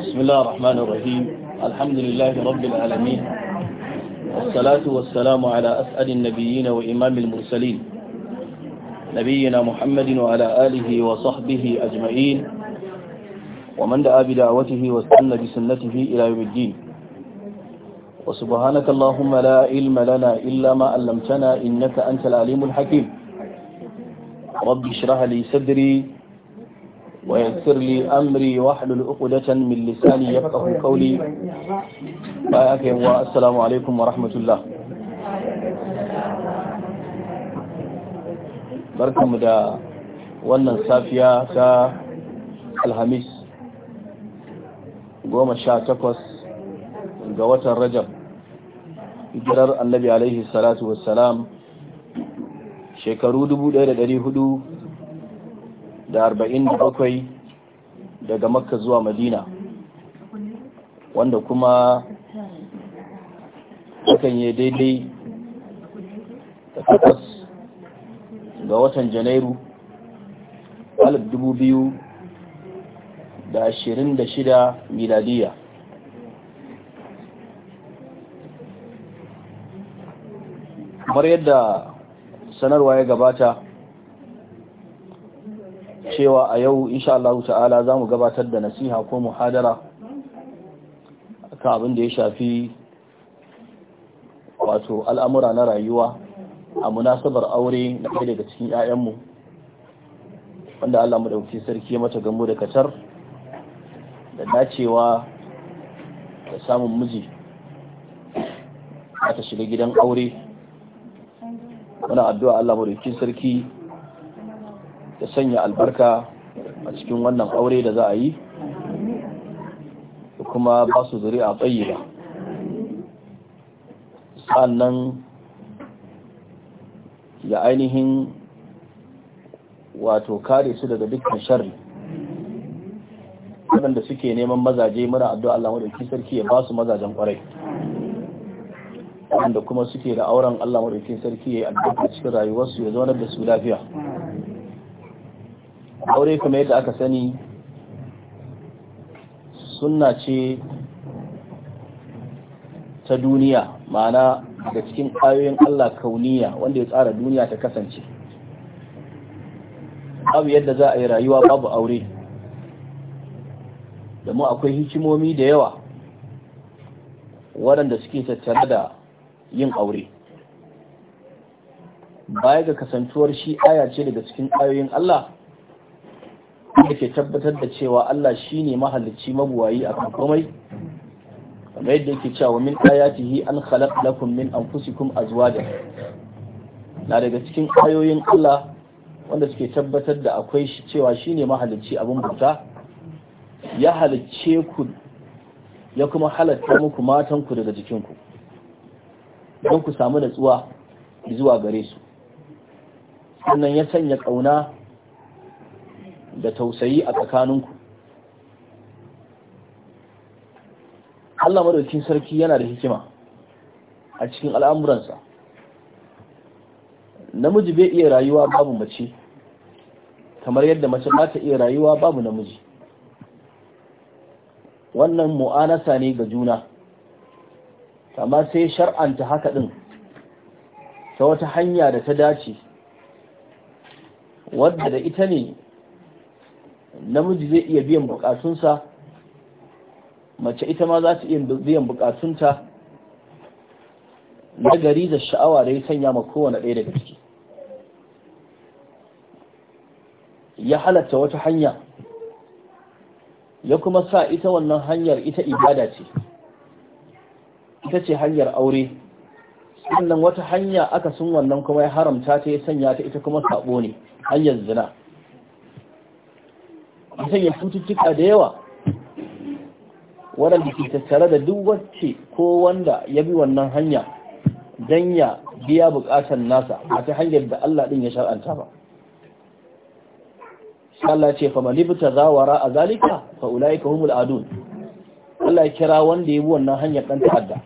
بسم الله الرحمن الرحيم الحمد لله رب العالمين والصلاة والسلام على أسعد النبيين وإمام المرسلين نبينا محمد وعلى آله وصحبه أجمعين ومن دعا بدعوته واستنى بسنته إلى يوم الدين وسبحانك اللهم لا علم لنا إلا ما علمتنا إنك أنت العليم الحكيم رب اشرح لي صدري ويسر لي أمري واحلل عقدة من لساني يفقه قولي والسلام عليكم ورحمة الله barkanmu da wannan safiya ta alhamis goma sha takwas ga watan rajab hijirar annabi alaihi salatu wassalam shekaru hudu. da arba'in da bakwai daga makka zuwa madina wanda kuma hakan yi daidai da takwas ga watan janairu alif dubu biyu da ashirin da shida miladiya kamar yadda sanarwa ya gabata cewa a yau insha Allah ta'ala za mu gabatar da nasiha ko muhadara kan abin da ya shafi wato al'amura na rayuwa a munasabar aure na ɗaya daga cikin 'ya'yanmu wanda Allah mu ɗauki sarki mata gamu da katar da dacewa da samun miji ta shiga gidan aure muna addu'a Allah mu ɗauki sarki ya sanya albarka a cikin wannan aure da za a yi da kuma ba su zuri zuri'a tsayyida sannan ya ainihin wato kare su daga dukkan shari waɗanda suke neman mazaje muna addu'a Allah maɗauki sarki ya ba su mazajen ƙwarai waɗanda kuma suke da auren Allah maɗauki sarki ya yi addu'a cikin rayuwarsu ya zaunar da su lafiya aure kuma yadda aka sani sunna ce ta duniya ma'ana da cikin ayoyin Allah kauniya wanda ya tsara duniya ta kasance abu yadda za a yi rayuwa babu aure da mu akwai hikimomi da yawa waɗanda suke tattare da yin aure baya ga kasantuwar shi aya ce daga cikin ayoyin Allah Wanda ke tabbatar da cewa Allah shi ne mahalicci mabuwayi akan komai kamar yadda yake cewa min ayatihi an khalaq lakum min anfusikum azwaja na daga cikin ayoyin Allah wanda suke tabbatar da akwai shi cewa shine mahalicci abin bauta ya halicce ku ya kuma halatta muku matan ku daga jikin ku don ku samu natsuwa zuwa gare su sannan ya sanya kauna da tausayi a tsakaninku Allah madaukin sarki yana da hikima a cikin al'amuransa namiji bai iya rayuwa babu mace kamar yadda mace ba ta iya rayuwa babu namiji wannan mu'anasa ne ga juna amma sai shar'anta haka ɗin ta wata hanya da ta dace wadda da ita ne namiji zai iya biyan bukatunsa mace ita ma za ta iya biyan bukatunta na gari da sha'awa da ya sanya ma kowane ɗaya daga ciki ya halatta wata hanya ya kuma sa ita wannan hanyar ita ibada ce ita ce hanyar aure sannan wata hanya aka sun wannan kuma ya haramta ta ya sanya ta ita kuma sabo ne hanyar zina ya cututtuka da yawa waɗanda ke tattare da duk wacce ko wanda ya bi wannan hanya don ya biya buƙatar nasa a ta hanyar da Allah ɗin ya shar'anta ba. Allah ce fa malibta zawara a zalika fa ka humul adun Allah ya kira wanda ya bi wannan hanyar ɗan ta'adda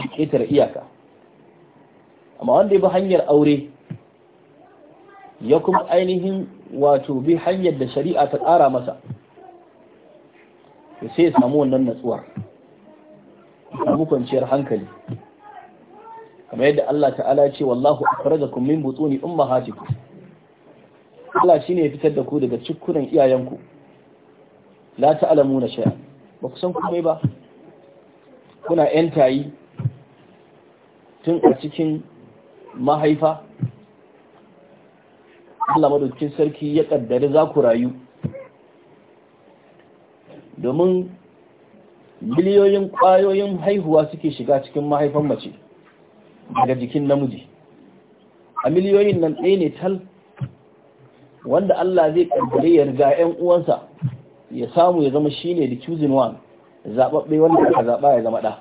shi ketar iyaka amma wanda ya bi hanyar aure ya kuma ainihin wato bi hanyar da shari'a ta tsara masa to sai ya samu wannan natsuwar samu kwanciyar hankali kamar yadda Allah ta'ala ya ce wallahu akhrajakum min butuni ummahatikum Allah shine ya fitar da ku daga cikkunan iyayenku la ta'lamuna shay'a ba ku san komai ba kuna yan tayi tun a cikin mahaifa Allah madaukakin sarki ya kaddare za ku rayu domin miliyoyin kwayoyin haihuwa suke shiga cikin mahaifan mace daga jikin namiji a miliyoyin nan ɗaya ne tal wanda Allah zai kaddare ya riga 'yan uwansa ya samu ya zama shine da choosing one zaɓaɓɓe wanda aka zaɓa ya zama ɗa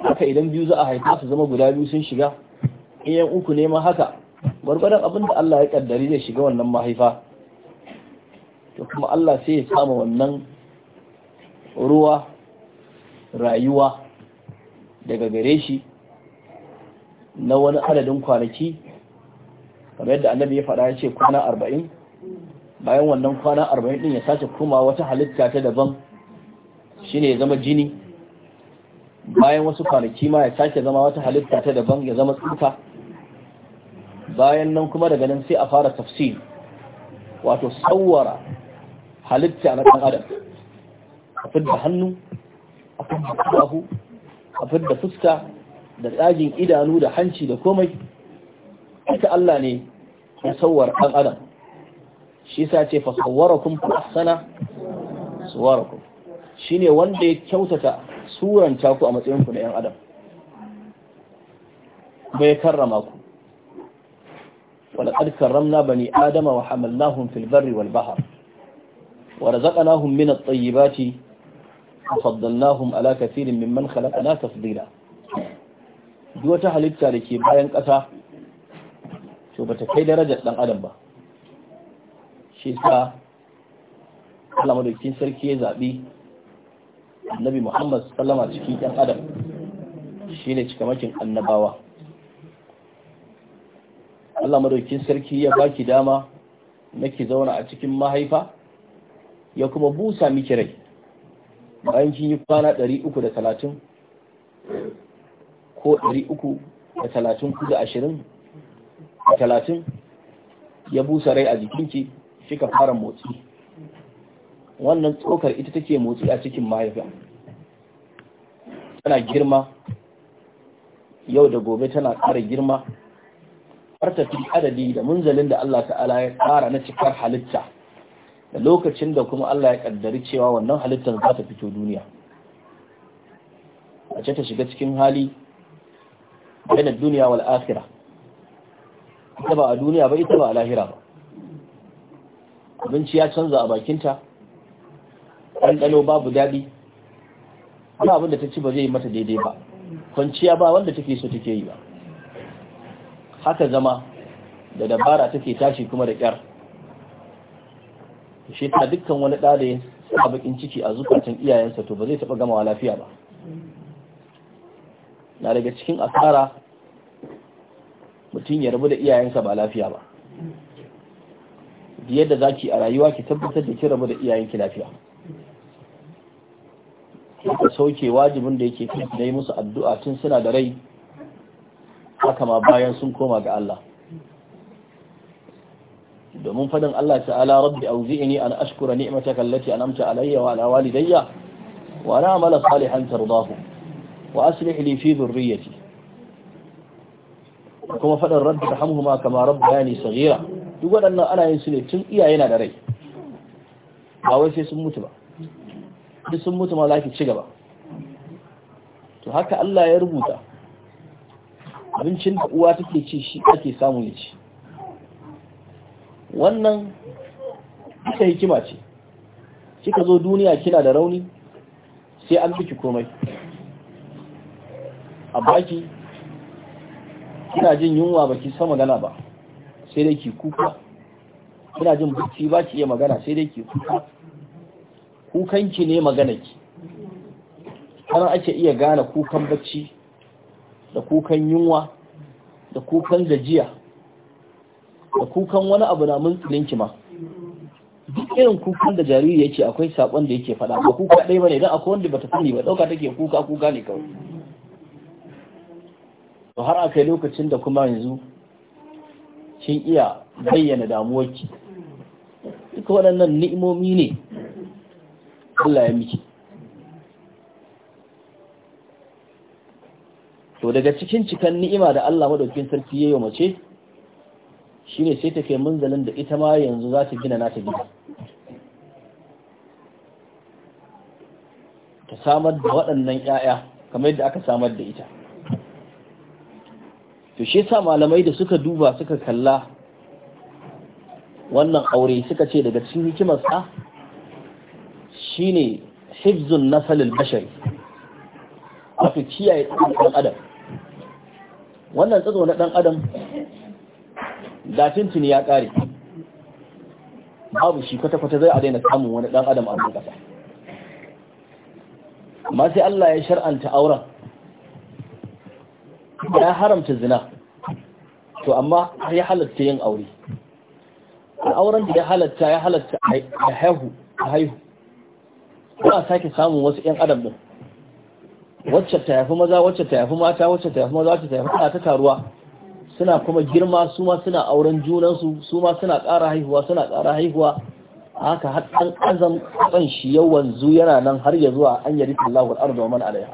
haka idan biyu za a haifa su zama guda biyu sun shiga in yan uku ne ma haka gwargwadon abin da Allah ya kaddari zai shiga wannan mahaifa to kuma Allah sai ya samu wannan ruwa rayuwa daga gare shi na wani adadin kwanaki kamar yadda annabi ya faɗa ya ce kwana arba'in bayan wannan kwana arba'in ɗin ya sace kuma wata halitta ta daban shine ya zama jini bayan wasu kwanaki ma ya sace zama wata halitta ta daban ya zama tsuka bayan nan kuma daga nan sai a fara tafsir wato tsawara halitta na ɗan adam a fidda hannu a fidda ƙafafu a fidda fuska da tsagin idanu da hanci da komai ita Allah ne ya tsawar ɗan adam shi sa ce fa tsawarakum fa ahsana Shi shine wanda ya kyautata suranta ku a matsayin ku na 'yan adam bai karrama ku ولقد كرمنا بني آدم وحملناهم في البر والبحر ورزقناهم من الطيبات وفضلناهم على كثير ممن خلقنا تفضيلا duk wata halitta da ke bayan ƙasa to bata kai darajar ɗan adam ba shi sa Allah madaukakin sarki ya zaɓi annabi Muhammad sallama cikin ɗan adam shine cikamakin annabawa Allah madaukin sarki ya baki dama nake zauna a cikin mahaifa ya kuma busa miki rai bayan kin yi kwana 330 ko 330 da 20 30 ya busa rai a jikinki kika fara motsi wannan tsokar ita take motsi a cikin mahaifa tana girma yau da gobe tana ƙara girma fi adadi da munzalin da Allah ta'ala ya tsara na cikar halitta da lokacin da kuma Allah ya kaddari cewa wannan halittar za ta fito duniya a ce ta shiga cikin hali bayan duniya wal akhirah ita ba a duniya ba ita ba a lahira ba abinci ya canza a bakinta ɗanɗano babu daɗi ba abin da ta ci ba zai yi mata daidai ba kwanciya ba wanda take so take yi ba haka zama da dabara take tashi kuma da kyar shi ta dukkan wani ɗa da ciki a zukatan iyayensa to ba zai taɓa gamawa lafiya ba na daga cikin asara mutum ya rabu da iyayensa ba lafiya ba Biye da zaki, a rayuwa ki tabbatar da ki rabu da iyayenki lafiya ka sauke wajibin da yake kai na yi musu addu'a tun suna da rai haka ma bayan sun koma ga Allah domin fadin Allah ta'ala rabbi auzi'ini an ashkura ni'mataka allati an'amta alayya wa ala walidayya wa ana amala salihan tardahu wa aslih li fi dhurriyyati kuma fadin rabbi rahamhuma kama rabbayani saghira duk waɗannan ana yin su ne tun iyaye na da rai ba wai sai sun mutu ba duk sun mutu ma za ci gaba to haka Allah ya rubuta abincin da uwa take ci shi ake samu ya ci wannan yi hikima ce kika zo duniya kina da rauni sai an biki komai a baki kina jin yunwa baki sama magana ba sai dai ki kuka kina jin bacci ki iya magana sai dai ki kuka kukanki ne maganarki har ake iya gane kukan bacci da kukan yunwa da kukan gajiya da kukan wani abu na mun tsilinki ma duk irin kukan da jariri yake akwai sakon da yake faɗa ba kuka ɗaya bane idan akwai wanda bata sani ba ɗauka take kuka kuka ne kawai to har akai lokacin da kuma yanzu kin iya bayyana damuwarki duka waɗannan ni'imomi ne Allah ya miki to daga cikin cikan ni'ima da Allah maɗaukin sarki ya yi mace shine sai ta kai munzalin da ita ma yanzu za ta gina nata gida ta samar da waɗannan 'ya'ya kamar yadda aka samar da ita to shi yasa malamai da suka duba suka kalla wannan aure suka ce daga cikin hikimarsa shine hifzun nasalin bashari wato kiyaye ɗan adam wannan tsazo na ɗan adam da tuntuni ya ƙare babu shi kwata-kwata zai a daina samun wani ɗan adam a wani ƙasa Ma sai Allah ya shar'anta auren ya haramta zina to amma har ya halatta yin aure a auren da ya halatta ya halatta a haihu a haihu ba a sake samun wasu 'yan adam ɗin wacce ta yafi maza wacce ta yafi mata wacce ta yafi maza wacce ta yafi ana ta taruwa suna kuma girma su ma suna auren junansu su ma suna ƙara haihuwa suna ƙara haihuwa haka har dan azam ɗan shi yau wanzu yana nan har ya zuwa an yari Allahu al-ardu wa man alaiha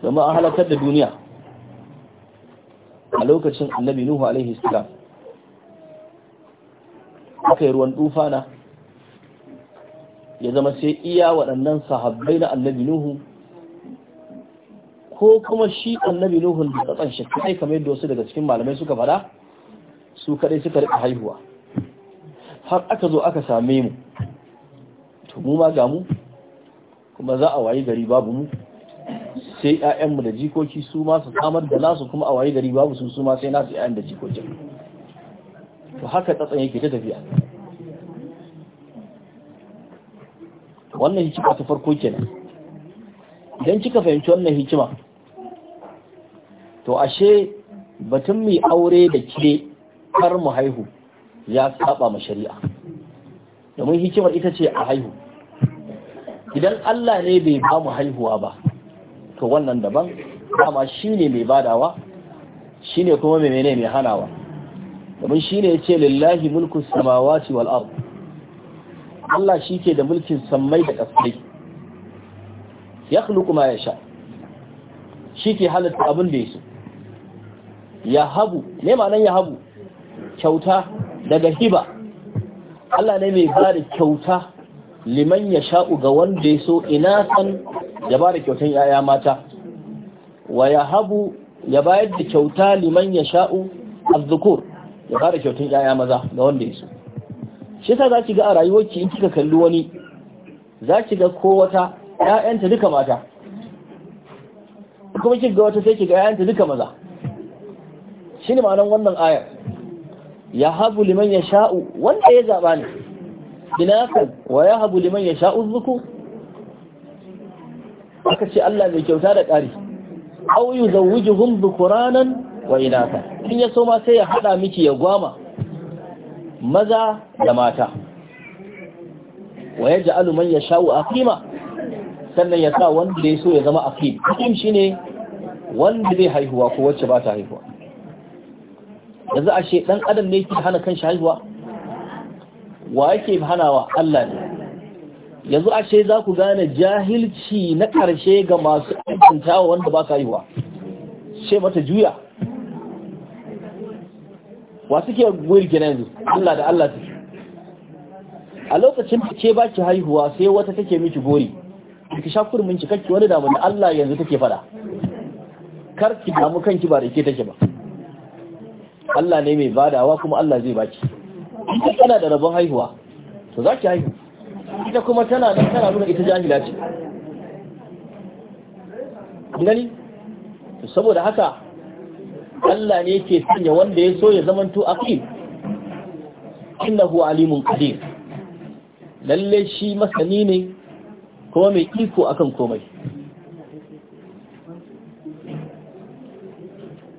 kuma an halakar da duniya a lokacin annabi nuhu alaihi salam akai ruwan dufana ya zama sai iya waɗannan sahabbai na annabi nuhu ko kuma shi annabi Nuhu da tsatsan shi kai kamar yadda wasu daga cikin malamai suka fada su kadai suka rika haihuwa har aka zo aka same mu to mu ma ga mu kuma za a wayi gari babu mu sai mu da jikoki su ma su samar da nasu kuma a wayi gari babu su su ma sai nasu ƴaƴan da jikokin to haka tsatsan yake ta tafiya wannan hikima ta farko kenan idan kika fahimci wannan hikima to ashe batun mai aure da ke kar mu haihu ya saba ma shari'a domin hikimar ita ce a haihu idan Allah ne bai ba mu haihuwa ba to wannan daban dama shine mai badawa shine kuma mai menene mai hanawa domin shine yace lillahi mulku samawati wal ardh Allah shi ke da mulkin sammai da ƙasai ya kuma ya sha shi ke halatta abin da ya so. ya habu ne ma nan ya habu kyauta daga hiba Allah ne mai ba da kyauta liman ya sha'u ga wanda ya so ina san ya ba da kyautan ‘ya'ya mata wa ya habu ya bayar da kyauta liman ya sha'u zukur ya ba da kyautan ‘ya'ya maza ga wanda ya so shi yasa za ki ga a ki in kika kalli wani za ki ga ko wata ƴaƴanta duka mata kuma kika ga wata sai ki ga ƴaƴanta duka maza shine ma'anar wannan ayar ya habu liman ya sha'u wanda ya zaɓa ne binakan wa ya habu liman ya sha'u zuku aka ce Allah mai kyauta da ƙari au yi zawuji hun zukuranan wa inaka in ya so ma sai ya haɗa miki ya gwama maza da mata wa ya ja'alu man ya sha'u aqima sannan ya sa wanda ya so ya zama aqim aqim shine wanda zai haihuwa ko wacce ba ta haihuwa yanzu a she dan adam ne yake hana kanshi haihuwa wa yake hanawa Allah ne yanzu a she za ku gane jahilci na karshe ga masu tawa wanda ba ka haihuwa she mata juya wa suke wirgin yanzu Allah da Allah suke a lokacin da ke baki haihuwa sai wata take miki gori ki sha kurmin ki kake wani damu da Allah yanzu take fada kar ki damu kanki ba da ke take ba Allah ne mai badawa kuma Allah zai baki ita tana da rabon haihuwa to za ki haihu ita kuma tana da tana nuna ita jahila ce gani saboda haka Allah ne ke sanya wanda ya so ya zamanto aqim innahu alimun qadir lalle shi masani ne kuma mai iko akan komai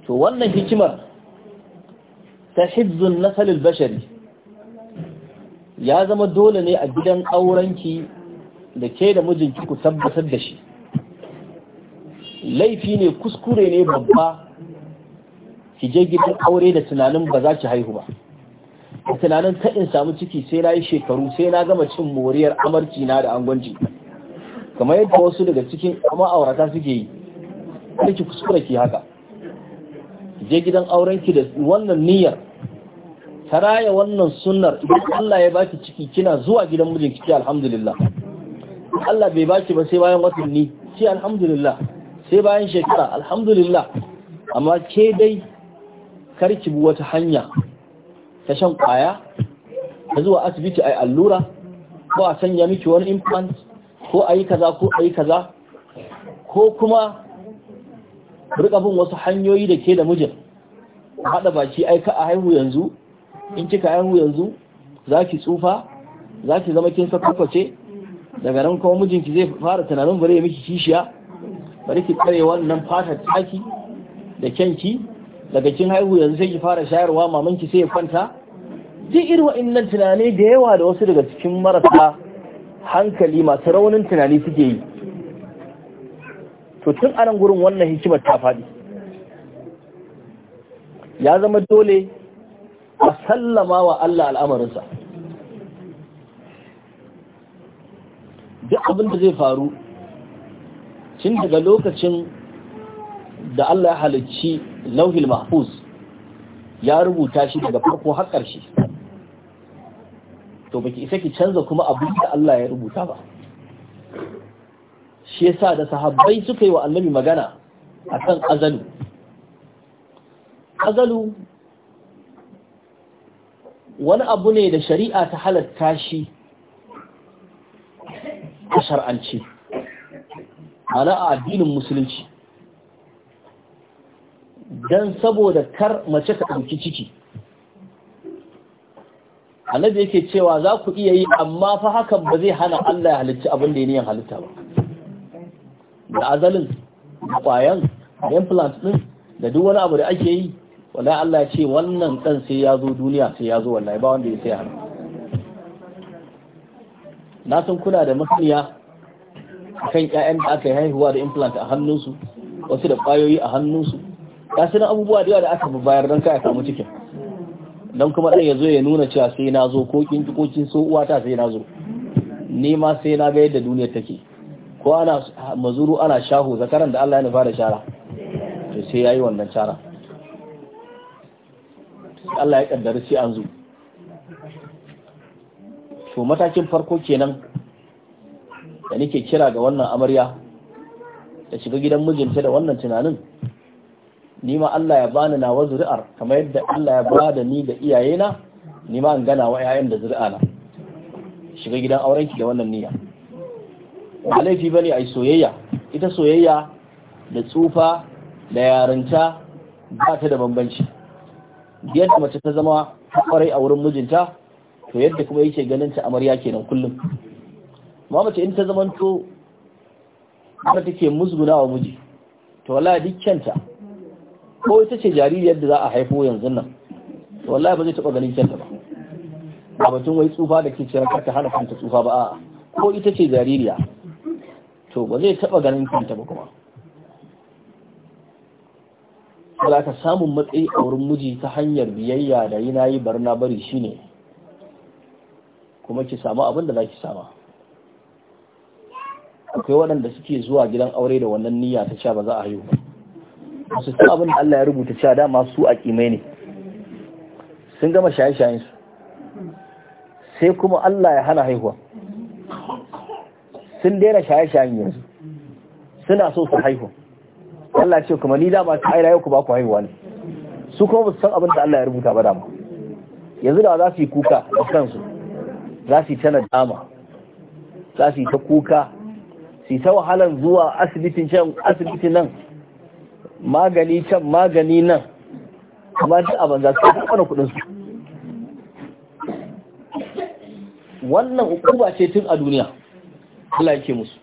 to wannan hikimar ta hizzun nasal bashari ya zama dole ne a gidan aurenki da ke da mijinki ku tabbatar da shi laifi ne kuskure ne babba ki je gidan aure da tunanin ba za ki haihu ba da tunanin ta in samu ciki sai na yi shekaru sai na gama cin moriyar amarci na da angwanci kamar yadda wasu daga cikin kuma aurata suke yi kada ki kuskura ki haka je gidan auren ki da wannan niyyar ta raya wannan sunnar idan Allah ya baki ciki kina zuwa gidan mijin ki alhamdulillah Allah bai baki ba sai bayan watanni sai alhamdulillah sai bayan shekara alhamdulillah amma ke dai karki bi wata hanya ta shan kwaya da zuwa asibiti a allura ko a sanya miki wani implant ko a kaza ko a kaza ko kuma rika bin wasu hanyoyi da ke da mijin haɗa baki ai ka a haihu yanzu in kika haihu yanzu za ki tsufa zaki zama kin kwace, daga nan kuma mijinki zai fara tunanin bare miki kishiya bari ki tsare wannan fata taki da kyanki daga kin haihu yanzu sai ki fara shayarwa mamanki sai ya kwanta duk irin wa'annan tunani da yawa da wasu daga cikin marasa hankali masu raunin tunani suke yi to tun anan gurin wannan hikimar ta faɗi ya zama dole a sallama wa Allah al'amarinsa duk abin da zai faru cin daga lokacin da Allah ya halicci lauhil mahfuz ya rubuta shi daga farko har ƙarshe to baki isa ki canza kuma abin da Allah ya rubuta ba shi yasa da sahabbai suka yi wa annabi magana akan azalu azalu wani abu ne da shari'a ta halatta shi a shar'anci ana a addinin musulunci don saboda kar mace ka ɗauki ciki annabi yake cewa za ku iya yi amma fa hakan ba zai hana Allah ya halicci abin da ya niyan halitta ba da azalin da kwayan implant din da duk wani abu da ake yi wallahi Allah ya ce wannan dan sai ya zo duniya sai ya zo wallahi ba wanda ya sai hana na san kuna da masaniya kan ƴaƴan da aka haihuwa da implant a hannunsu wasu da kwayoyi a hannunsu ga su abubuwa da yawa da aka bayar don kaya samu cikin don kuma ɗan ya zo ya nuna cewa sai na zo ko kin ko kin so uwa ta sai na zo ni ma sai na ga yadda duniyar take ko ana mazuru ana shahu zakaran da Allah ya nufa da shara to sai yayi wannan shara Allah ya kaddara sai an zo to matakin farko kenan da nake kira ga wannan amarya ta shiga gidan mijinta da wannan tunanin ni ma Allah ya bani nawa zuri'ar kamar yadda Allah ya bada ni ga iyayena ni ma an gana wa ƴaƴan da zuri'a na shiga gidan auren ki da wannan niyya ba laifi bane ai soyayya ita soyayya da tsufa da yarinta ba ta da bambanci yadda mace ta zama kwarai a wurin mijinta to yadda kuma yake ganin ta amarya kenan kullum amma mace in ta zamanto ta take musguna wa miji to wallahi ta ko ita ce jaririyar da za a haifo yanzu nan wallahi ba zai taɓa ganin kyanta ba a batun wai tsufa da ke cewa ta hana kanta tsufa ba a'a ko ita ce jaririya to ba zai taɓa ganin kyanta ba kuma ba ka samun matsayi a wurin miji ta hanyar biyayya da yi na yi barna bari shine kuma ki samu abin da za ki sama akwai waɗanda suke zuwa gidan aure da wannan niyya ta sha ba za a haihu ba su san abin da Allah ya rubuta cewa dama su a kimai ne sun gama shaye-shayen su sai kuma Allah ya hana haihuwa sun daina shaye-shayen yanzu suna so su haihu Allah ce kuma ni dama su aira yau ku ba ku haihuwa ne su kuma san abin da Allah ya rubuta ba dama yanzu da za su yi kuka da kansu za su yi ta dama. za su yi ta kuka su yi ta wahalan zuwa asibitin can asibitin nan magani can magani nan kamar duk a banza su kafa kudin su wannan hukuma ce tun a duniya Allah yake musu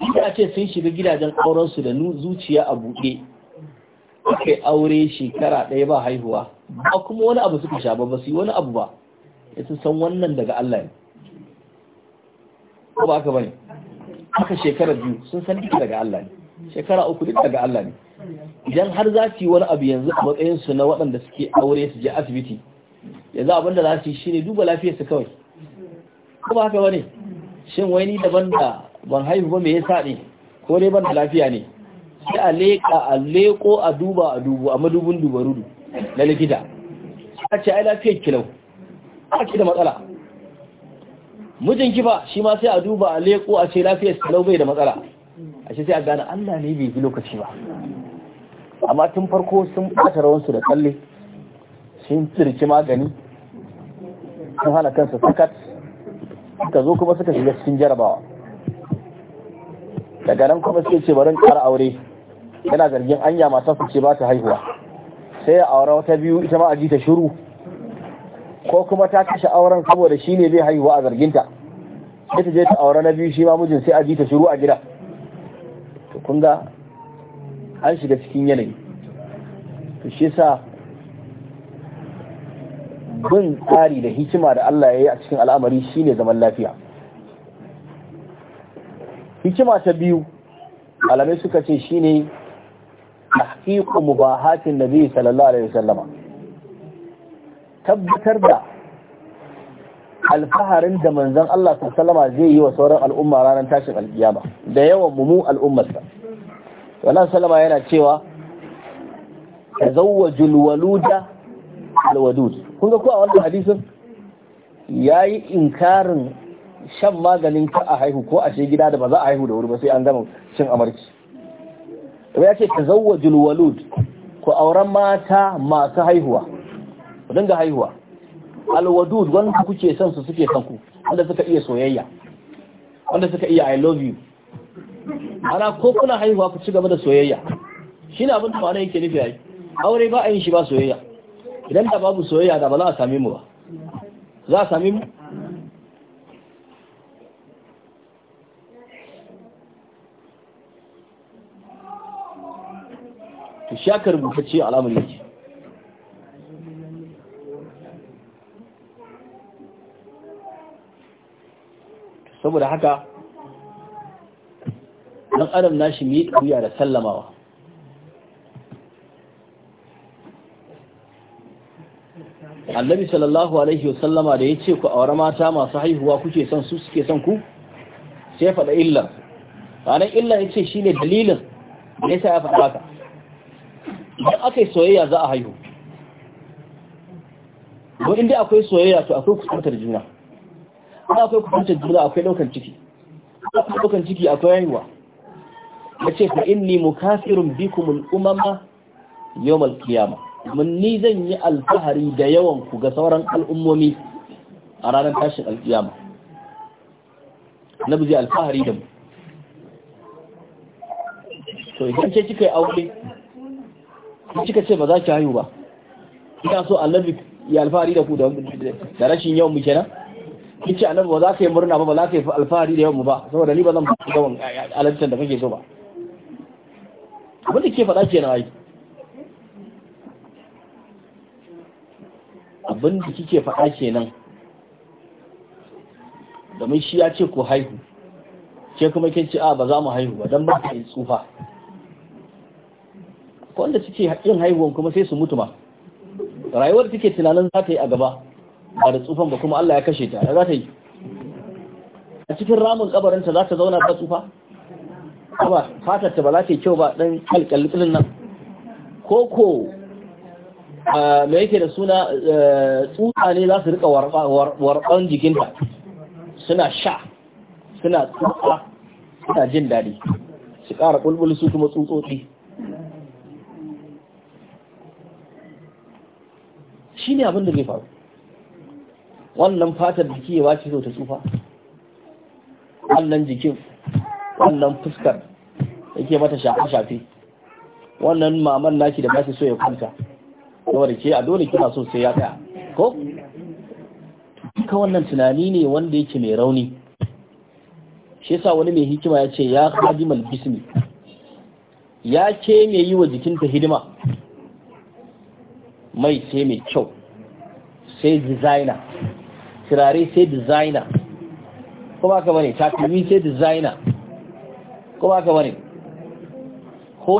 inda ce sun shiga gidajen auransu da zuciya a buɗe kai aure shekara ɗaya ba haihuwa ba kuma wani abu suka sha ba ba su yi wani abu ba ya san wannan daga Allah ne ko ba ka bane haka shekarar biyu sun san duka daga Allah ne shekara uku duk daga Allah ne idan har za su yi wani abu yanzu a matsayin su na waɗanda suke aure su je asibiti yanzu abin da za su yi shine duba lafiyar su kawai ko ba haka bane shin wai ni daban da ban haihu ba me yasa ne ko dai ban da lafiya ne sai a leƙa a leƙo a duba a dubu a madubin dubarudu na likita a ce ai lafiyar kilau a ki da matsala mijin kifa shi ma sai a duba a leƙo a ce lafiyar kilau bai da matsala ashe sai a gane Allah ne bai bi lokaci ba amma tun farko sun rawan su da tsalle sun tsirci magani sun hana kansu sakat suka zo kuma suka shiga cikin jarabawa daga nan kuma suke ce barin ƙara aure yana zargin anya masu su ce ba ta haihuwa sai ya aura wata biyu ita ma a ji ta shiru ko kuma ta kashe auren saboda shi ne zai haihuwa a zarginta sai ta je ta aura na biyu shi ma mijin sai a ji ta shiru a gida kun ga an shiga cikin yanayi to shi sa bin tsari da hikima da Allah ya yi a cikin al'amari shine zaman lafiya hikima ta biyu alamai suka ce shine tahqiqu mubahatin nabi sallallahu alaihi wasallama tabbatar da alfaharin da manzon Allah sallama zai yi wa sauran al'umma ranar tashin alkiyama da yawan mu al'ummarsa wannan sallama yana cewa tazawwajul waluda alwadud kun ga ko a wannan hadisin yayi inkarin shan maganin ka a haihu ko a ce gida da ba za a haihu da wuri ba sai an gama cin amarci ya ce tazawwajul walud ku auren mata masu haihuwa ku dinga haihuwa alwadud wanda kuke son su suke son ku wanda suka iya soyayya wanda suka iya i love you ana ko kuna haihuwa ku ci gaba da soyayya shi ne abin da ma'ana yake nufi ai aure ba a yin shi ba soyayya idan da babu soyayya da ba za a same mu ba za a same mu to shakar rubuce alamar yake saboda haka dan adam nashi mai kuya da sallamawa annabi sallallahu alaihi wasallama da ya ce ku aure mata masu haihuwa kuke son su suke son ku sai faɗa illa ranar illa ya ce shi ne dalilin ne ya sa ya faɗa haka idan aka yi soyayya za a haihu ko inda akwai soyayya to akwai kusantar juna kuma akwai kusantar juna akwai ɗaukan ciki akwai ɗaukan ciki akwai haihuwa ya ce fa inni mukafirun bikumul umama yawmal qiyama mun ni zan yi alfahari da yawan ku ga sauran al'ummomi a ranar tashin alkiyama na zai alfahari da mu to idan ce kika yi aure kika ce ba za ki haihu ba ina so annabi ya alfahari da ku da rashin yawan mu kenan kici annabi ba za ka yi murna ba ba za ka yi alfahari da yawan ba saboda ni ba zan fi gawan alantar da kake so ba abin da ke faɗa kenan ai abin da kike faɗa kenan domin shi ya ce ku haihu ke kuma kin ce a ba za mu haihu ba dan ba ka yi tsufa wanda suke yin haihuwan kuma sai su mutu ma rayuwar take tunanin za ta yi a gaba ba da tsufan ba kuma Allah ya kashe ta za ta yi a cikin ramin kabarinta za ta zauna ba tsufa ba fatar ta ba za ta yi kyau ba dan kalkalin nan Ko me yake da suna e, tsutsa ne za su rika warban jikinta suna sha suna tsutsa suna jin daɗi su ƙara ƙulɓul su kuma tsutsotsi shi ne abin da zai faru wannan fatar da ke wace ta tsufa wannan jikin wannan fuskar yake mata shafe-shafe wannan maman naki da bashi so ya kwanta saboda ke a dole kina so sai ya tsaya ko duka wannan tunani ne wanda yake mai rauni shi sa wani mai hikima ya ce ya khadimal bismi ya ke mai yi wa jikinta hidima mai sai mai kyau sai designer turare sai designer kuma ka bane takalmi sai designer kuma ka bane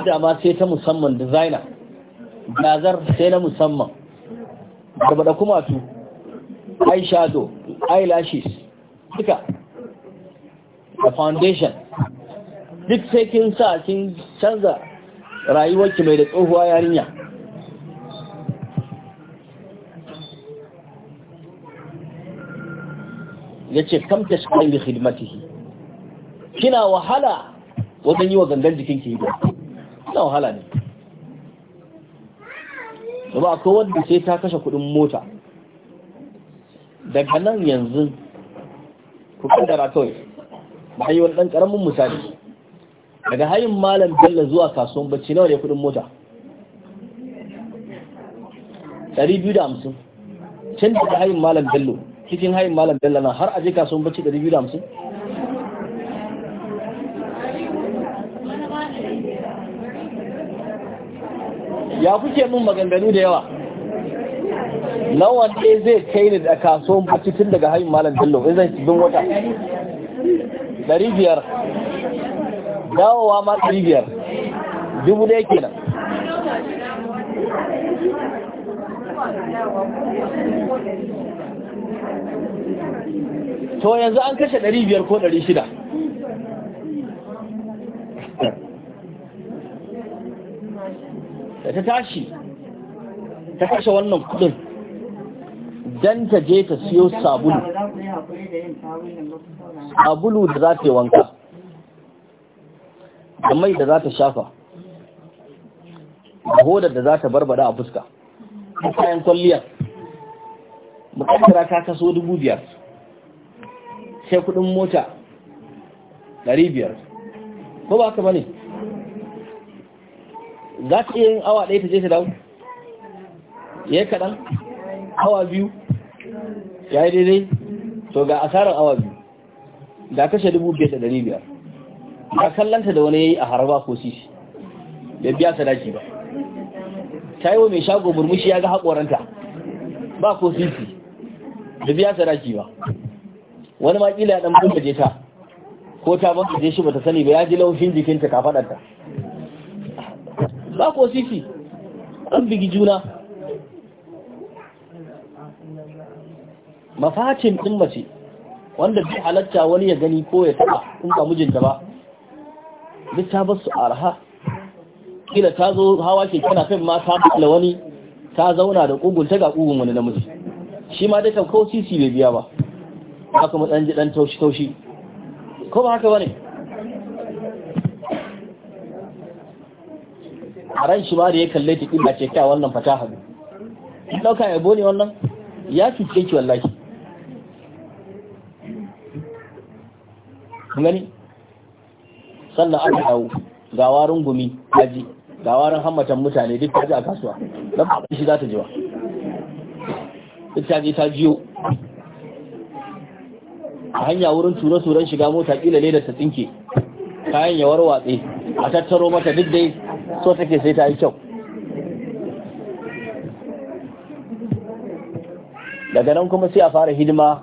da ma sai ta musamman designer gazar sai na musamman Gaba ai-shadow, eyeshadow eyelashes duka da foundation duk sai kin sa kin canza rayuwarki mai da tsohuwa yarinya yace kam tashqai li khidmatihi kina wahala wajen yi wa gangan jikin ki hidima kina wahala ne ba akwai wanda sai ta kashe kudin mota daga nan yanzu ku kaddara kawai ba yi wani dan karamin misali daga hayin malam bello zuwa kasuwan bacci nawa ne kudin mota 250 can daga hayin malam bello cikin hayin malam bello nan har aje kasuwan bacci 250 ya kuke mun maganganu da yawa nawa ne zai kai ni da kasuwan bacci tun daga hayin malam bello in zai cikin wata 500 dawowa ma 500 dubu ɗaya kenan to yanzu an kashe 500 ko 600 da ta tashi ta kashe wannan kudin dan ta je ta siyo sabulu sabulu da za ta yi wanka da mai da za ta shafa da hodar da za ta barbada a fuska kayan kwalliyar bukatar ta kaso dubu biyar sai kudin mota 500 ko ba ka bane za ta iya yin awa ɗaya ta je ta dawo ya yi kaɗan awa biyu ya yi daidai to ga asarar awa biyu ga kashe 5,500 ga kallanta da wani ya yi a haraba ko sisi bai biya sadaki ba ta yi wa mai shago murmushi ya ga haƙoranta ba ko sisi bai biya sadaki ba wani ma kila dan je ta ko ta ban je shi bata sani ba ya ji laushin jikinta ta ba ko sisi an bigi juna mafacin din mace wanda duk halatta wani ya gani ko ya taba in ba mijinta ba duk ta basu arha kila ta zo hawa ke kana kai ma ta bala wani ta zauna da kugun ta ga kugun wani namiji shi ma dai ta ko sisi bai biya ba haka mu ɗan ji ɗan taushi-taushi ko ba haka ba ne a ran shi ma da ya kalle ta ƙin ce kai wannan fata ne in ɗauka yabo ne wannan ya cuce ki wallahi kun gani sannan aka dawo ga warin gumi ji, ga warin hammatan mutane duk ji a kasuwa don ba shi za ta jiwa duk ta ji ta jiyo a hanya wurin ture-turen shiga mota kila ne da ta tsinke kayan yawar watsi a tattaro mata duk dai so take sai ta yi kyau daga nan kuma sai a fara hidima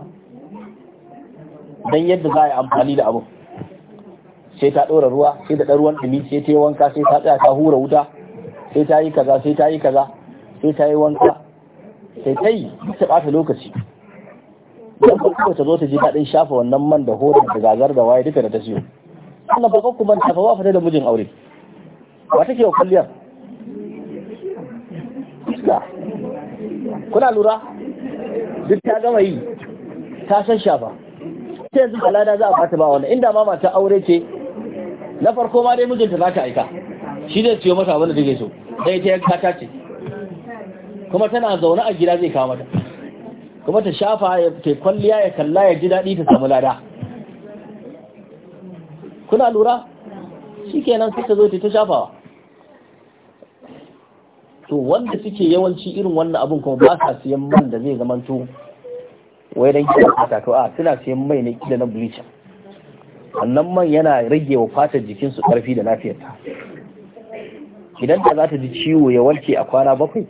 don yadda za a yi amfani da abu sai ta ɗora ruwa sai da ɗaruwan ɗumi sai ta yi wanka sai ta tsaya ta hura wuta sai ta yi kaza sai ta yi kaza sai ta yi wanka sai ta yi ta ɓata lokaci don ku ta zo ta ji daɗin shafa wannan man da hoda da gagar da waye duka da ta siyo wannan farko ku ban tafawa ba da mijin aure wa take wa kwalliyar kuna lura duk ta gama yi ta san shafa sai yanzu alada za a bata ba wannan inda ma mata aure ce na farko ma dai mijinta za ta aika shi zai siyo mata abin da take so sai ta yanka ta ce kuma tana zaune a gida zai kawo mata kuma ta shafa ta kwalliya ya kalla ya ji daɗi ta samu lada kuna lura shi kenan nan suka zo ta shafawa to wanda suke yawanci irin wannan abin kuma ba sa siyan man da zai to wai dan kira ta to a suna siyan mai ne kila na bleacher wannan man yana rage wa fatar jikinsu ƙarfi da lafiyarta idan da za ta ji ciwo ya warke a kwana bakwai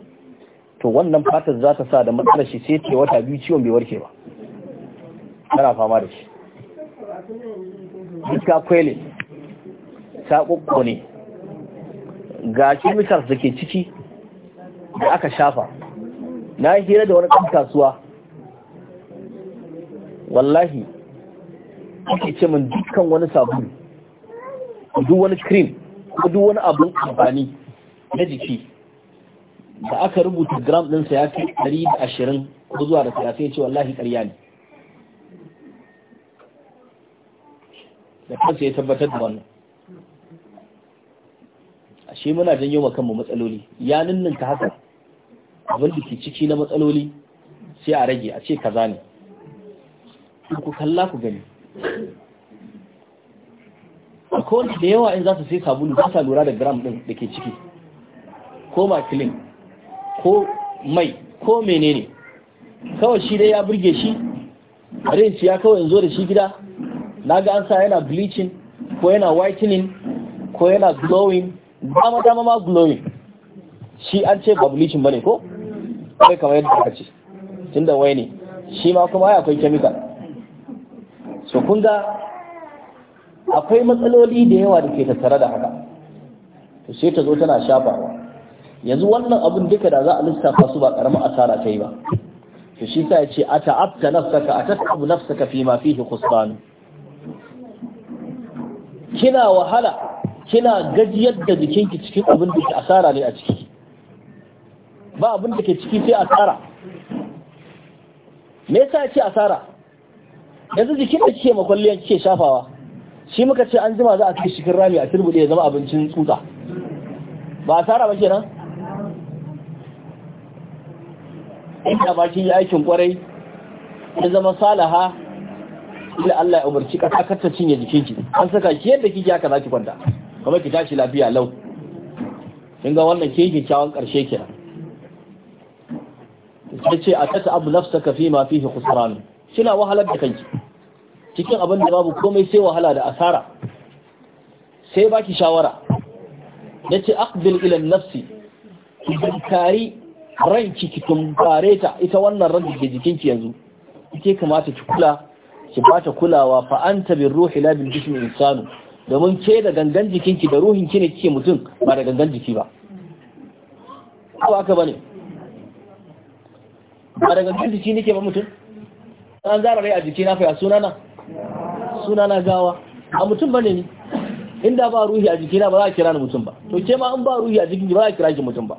to wannan fatar za ta sa da matsalar shi sai ce wata biyu ciwon bai warke ba tana fama da shi duka kwele saƙoƙo ne ga kimikar da ke ciki da aka shafa na yi hira da wani ɗan kasuwa wallahi ake ce min dukkan wani sabulu duk wani cream ko duk wani abin amfani na jiki da aka rubuta gram ɗinsa ya kai ɗari da ashirin ko zuwa da talatin ya ce wallahi ƙarya ne da kansa ya tabbatar da wannan ashe muna janyo ma kanmu matsaloli ya ninninka haka abin da ke ciki na matsaloli sai a rage a ce kaza ne ku kalla ku gani akwai wanda da yawa in za su sai sabulu ba sa lura da gram ɗin da ke ciki ko makilin ko mai ko menene kawai shi dai ya burge shi bari ya kawai in zo da shi gida na ga an sa yana bleaching ko yana whitening ko yana glowing dama dama ma glowing shi an ce ba bleaching bane ko kai kamar yadda ka ce tunda wai ne shi ma kuma ai akwai chemical so kun ga akwai matsaloli da yawa da ke tattare da haka to sai ta zo tana shafawa yanzu wannan abin duka da za a lissafa su ba karamin asara ta yi ba to shi sa ya ce ata ta'abta nafsaka ata tattabu nafsaka fi ma fihi khusban kina wahala kina gajiyar da jikinki cikin abin da ke asara ne a ciki ba abin da ke ciki sai asara me yasa ya asara yanzu jikin da kike makwalliyan kike shafawa shi muka ce an jima za a kai shikin rami a turbude ya zama abincin tsutsa ba asara ba kenan inda ba shi aikin kwarai ya zama salaha ila Allah ya umarci ka kar cinye jikin ki an saka ki yadda kike haka zaki kwanta kuma ki tashi lafiya lau kin ga wannan ke kyakkyawan karshe kenan ce a tata abu nafsaka fi ma fihi khusran kina wahalar da kanki cikin abin da babu komai sai wahala da asara sai baki shawara yace aqbil ila nafsi ki kari ran ki tumbare ta ita wannan ran da jikinki yanzu ke kamata ki kula ki bata kulawa fa anta bir ruhi la bil jismi insanu domin ke da gangan jikinki da ki ne kike mutum ba da gangan jiki ba ko aka bane ba da gangan jiki nake ba mutum an zara rai a jiki na fa sunana sunana gawa a mutum bane ni inda ba ruhi a jikina ba za a kira ni mutum ba to ke ma in ba ruhi a ki ba za a kira ki mutum ba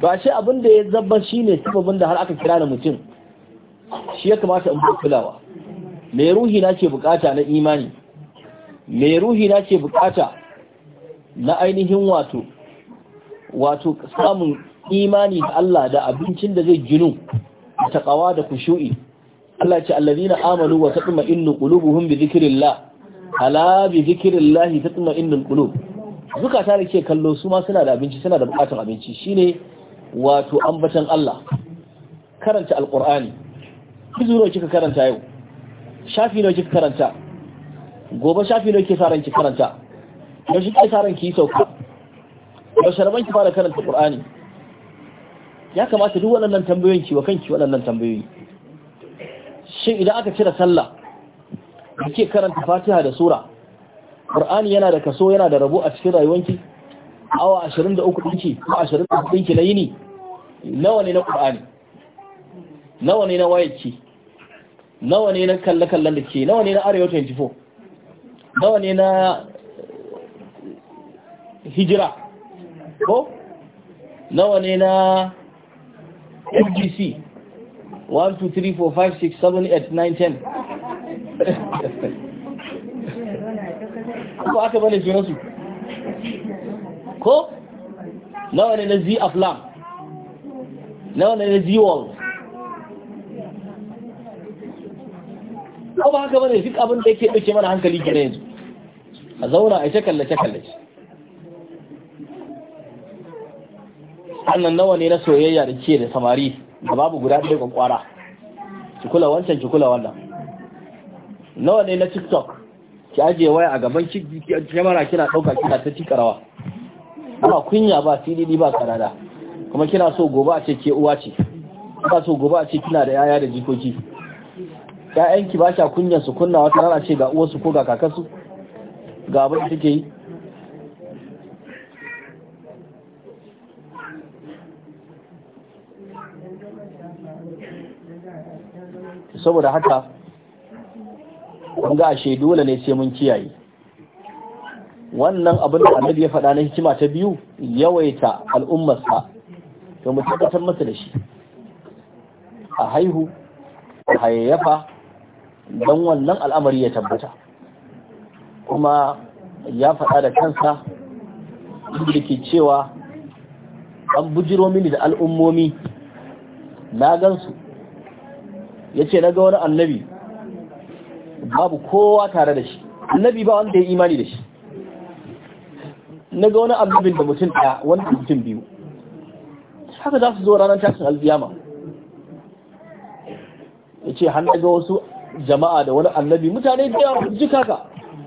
Bashi shi abin da ya zaba shine sababin da har aka kira da mutum shi ya kamata in kulawa me ruhi na ce bukata na imani me ruhi na ce bukata na ainihin wato wato samun imani da Allah da abincin da zai ginu da taqawa da kushu'i Allah ce allazina amanu wa tatma'innu qulubuhum bi dhikrillah ala bi dhikrillah tatma'innul qulub zukata da ke kallo su ma suna da abinci suna da bukatun abinci shine wato ambatan Allah karanta alqur'ani ne kika karanta yau shafi nawa kika karanta gobe shafi nawa kike saran kika karanta yau shi kike saran kiyi sauka yau sharban ki fara karanta qur'ani ya kamata duk waɗannan tambayoyin ki wa kanki waɗannan tambayoyi shin idan aka cire sallah kike karanta Fatiha da sura Qur'ani yana da kaso yana da rabo a cikin rayuwanki awa 23 dinki ko 24 dinki na yini nawa ne na ƙur'ani nawa ne na wayaki nawa ne na kalle-kallen da ke nawa ne na arewa 24 nawa ne na eh, hijira ko nawa ne na fgc 1 2 ko aka bane sunansu ko nawa ne na z aflam na wannan na jiwon ko ba haka ne duk abin da yake ɗauke mana hankali gina yanzu a zauna a kallace kallace annan nawa ne na soyayya da ke da samari da babu guda ɗaya kwakwara ki kula wancan ki kula wannan nawa ne na tiktok ki ajiye waya a gaban kyamara kina ɗauka kina ta tikarawa ba kunya ba cdd ba karada kuma kina so gobe a ce ke uwa ce kina so gobe a ce kina da yaya da jikoki ƴaƴanki ba sha kunyar su kunna wata rana ce ga uwarsu ko ga kakarsu ga abin da take yi saboda haka ga ashe dole ne sai mun kiyaye wannan abin da annabi ya faɗa na hikima ta biyu yawaita al'ummarsa to mu tabbatar masa da shi a haihu a hayayyafa don wannan al'amari ya tabbata kuma ya faɗa da kansa da ke cewa an bujiro mini da al'ummomi na gansu ya ce na ga wani annabi babu kowa tare da shi annabi ba wanda ya imani da shi na ga wani annabin da mutum ɗaya wanda mutum biyu haka za su zo ranar tashin alziyama ya ce hannu ga wasu jama'a da wani annabi mutane biya yawa ji kaka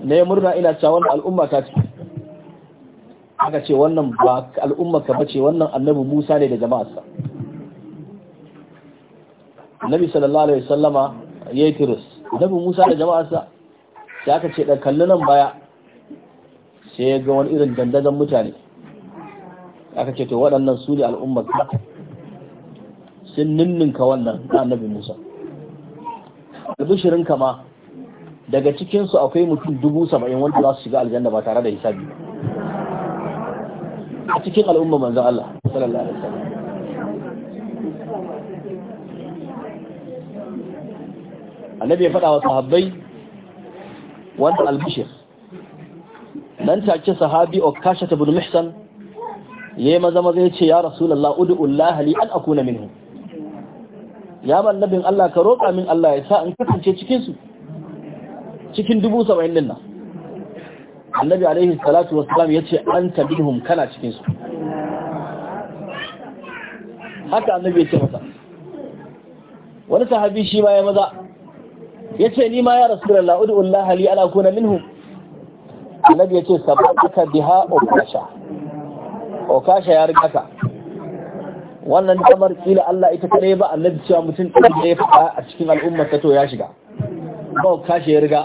na ya murna ina cewa wani al'umma ta ce aka ce wannan ba al'umma ka bace wannan annabi Musa ne da jama'arsa Annabi sallallahu alaihi wasallama yi tiris annabi Musa da jama'arsa sai aka ce ɗan kalli nan baya sai ya ga wani irin dandazon mutane aka ce to waɗannan su ne al'ummar sun ninninka wannan na annabi Musa albishirin kama daga cikinsu akwai mutum dubu saba'in wanda za su shiga aljanna ba tare da hisabi a cikin al'umma manzan Allah sallallahu alaihi wasallam annabi ya faɗa wa sahabbai wanda albishir nan take sahabi kashata bin mihsan yayi maza maza ya ce ya rasulullah ud'ullah li an akuna minhu ya ban nabin Allah ka roƙa min Allah ya sa in kasance cikin su cikin dubu saba'in din nan annabi alaihi salatu wassalam ya ce an tabihum kana cikin su haka annabi ya ce masa wani sahabi shi ma ya maza ya ce ni ma ya rasulallah ud'u Allah li ana kuna minhu annabi ya ce sabaka biha ukasha kasha ya riga ka wannan damar kila Allah ita kare ba annabi cewa mutum ɗin da ya faɗa a cikin al'ummar ta to ya shiga ba kasha ya riga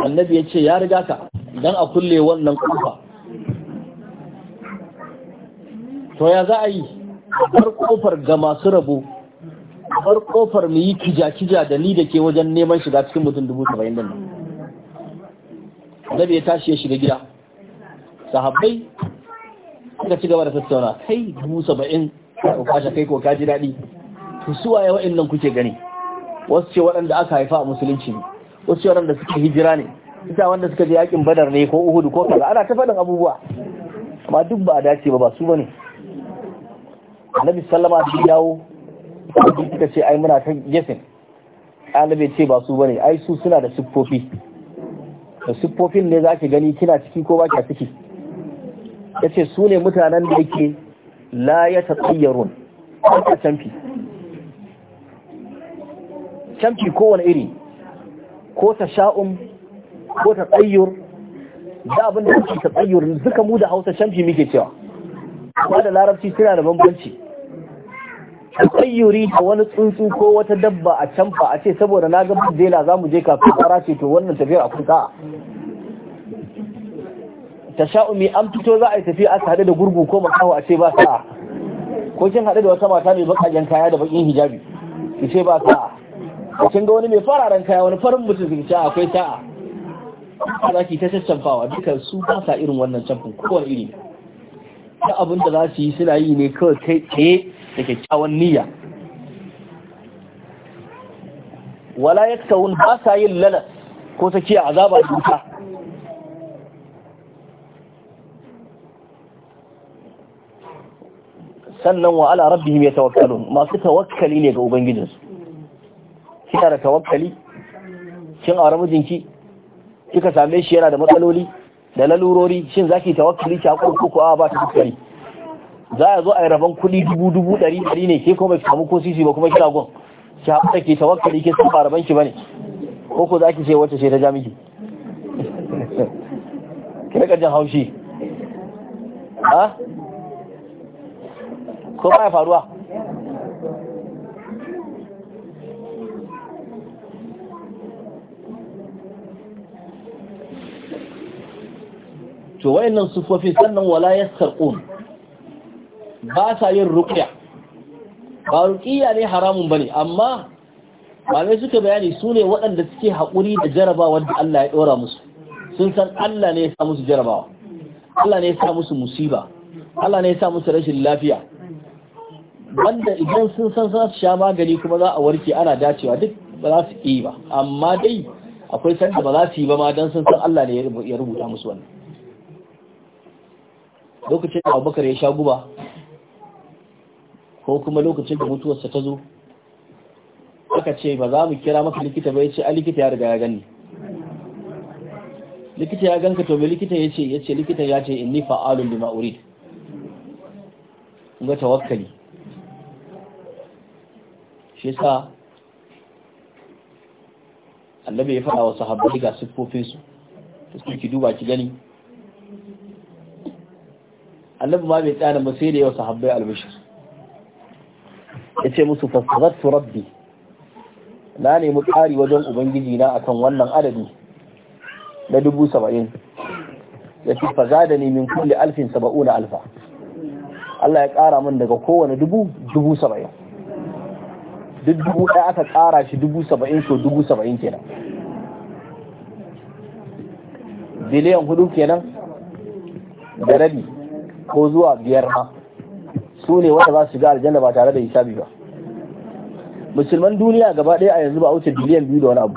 annabi ya ce ya riga ka dan a kulle wannan kofa to ya za a yi bar kofar ga masu rabo bar kofar mu yi kija-kija da ni da ke wajen neman shiga cikin mutum dubu saba'in da nan annabi ya tashi ya shiga gida sahabbai aka ci gaba da tattauna kai dubu saba'in ka kwashe kai ko ka ji daɗi to su waye wa'annan kuke gani wasu ce waɗanda aka haifa a musulunci ne wasu ce waɗanda suke hijira ne ita wanda suka je yakin badar ne ko uhudu ko kaza ana ta faɗin abubuwa amma duk ba a dace ba ba su bane annabi sallama da dawo duk suka ce ai muna ta gesin annabi ce ba su bane ai su suna da siffofi da siffofin ne za ki gani kina ciki ko ba kya ciki ya ce su ne mutanen da yake la ya taɓayyarun ta canfi canfi kowane iri ko ta sha'un ko ta tsayyur da abin da ta tsayyur duka mu da hausa canfi muke cewa ba da larabci suna da bambanci tsayyuri ta wani tsuntsu ko wata dabba a canfa a ce saboda na ga zela za mu je kafin fara ce to wannan tafiyar a kusa ta sha'umi an fito za a yi tafiya aka haɗu da gurgu ko makaho a ce ba sa'a ko kin haɗu da wata mata mai bakajen kaya da bakin hijabi ki ce ba sa'a ko kin ga wani mai fararen kaya wani farin mutum ki ce akwai sa'a za ki ta cancanfawa dukkan su ba sa irin wannan canfin kowane iri ta abin da za su yi suna yi ne kawai kai tsaye da kyakkyawan niyya wala yaktawun ba sa yin lalas ko tsakiya azaba da wuta sannan wa ala rabbihim yatawakkalun masu tawakkali ne ga su kina da tawakkali kin aure mijinki kika same shi yana da matsaloli da lalurori shin zaki tawakkali ki hakuri ko ko a ba tawakkali za a zo a yi rabon kuɗi dubu dubu ɗari ɗari ne ke kuma samu ko sisi ba kuma kina gon ki haƙura ki tawakkali ki san ba rabon ki bane ko ko zaki ce wacce ce ta jami'i ki rika jin haushi ha ko ba faruwa to wayannan sufofi sannan wala yasqun ba sa yin ruqya ba ruqya ne haramun ba ne amma malamai suka bayani su ne waɗanda suke haƙuri da jarabawa da Allah ya ɗora musu sun san Allah ne ya sa musu jarabawa Allah ne ya sa musu musiba Allah ne ya sa musu rashin lafiya banda idan sun san za su sha magani kuma za a warke ana dacewa duk ba za su yi ba amma dai akwai sanda ba za su yi ba ma don sun san Allah ne ya rubuta musu wannan lokacin da abubakar ya sha guba ko kuma lokacin da mutuwarsa ta zo aka ce ba za mu kira maka likita ba ya ce a likita ya riga ya gani likita ya ganka to mai likita ya ce ya ce likita ya ce inni fa'alun lima urid ga tawakkali shi sa annabi ya faɗa wa sahabbai ga Sifofinsu ta su ki duba ki gani annabi ma bai tsaya ba sai da yawa sahabbai albishir ce musu fasaratu rabbi na nemi ƙari wajen ubangiji na akan wannan adadi na dubu saba'in ya ce faza da ne kulle kulli alfin saba'una alfa Allah ya ƙara min daga kowane dubu dubu saba'in duk dubu ɗaya aka ƙara shi dubu saba'in so dubu saba'in kenan biliyan hudu kenan da rabi ko zuwa biyar ma su ne wanda za su shiga aljanna ba tare da hisabi ba musulman duniya gaba ɗaya a yanzu ba a wuce biliyan biyu da wani abu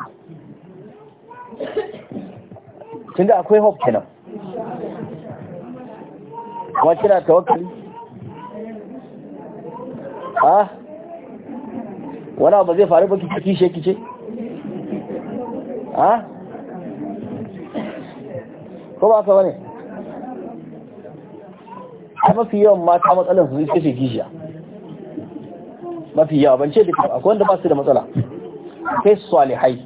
tun da akwai hope kenan kuma kina tawakkali ah wani ba zai faru ba ki kishe kice ha ko ba ka bane a mafi yawan mata matsalar su suke kishiya mafi yawa ban ce duka akwai wanda ba su da matsala akwai salihai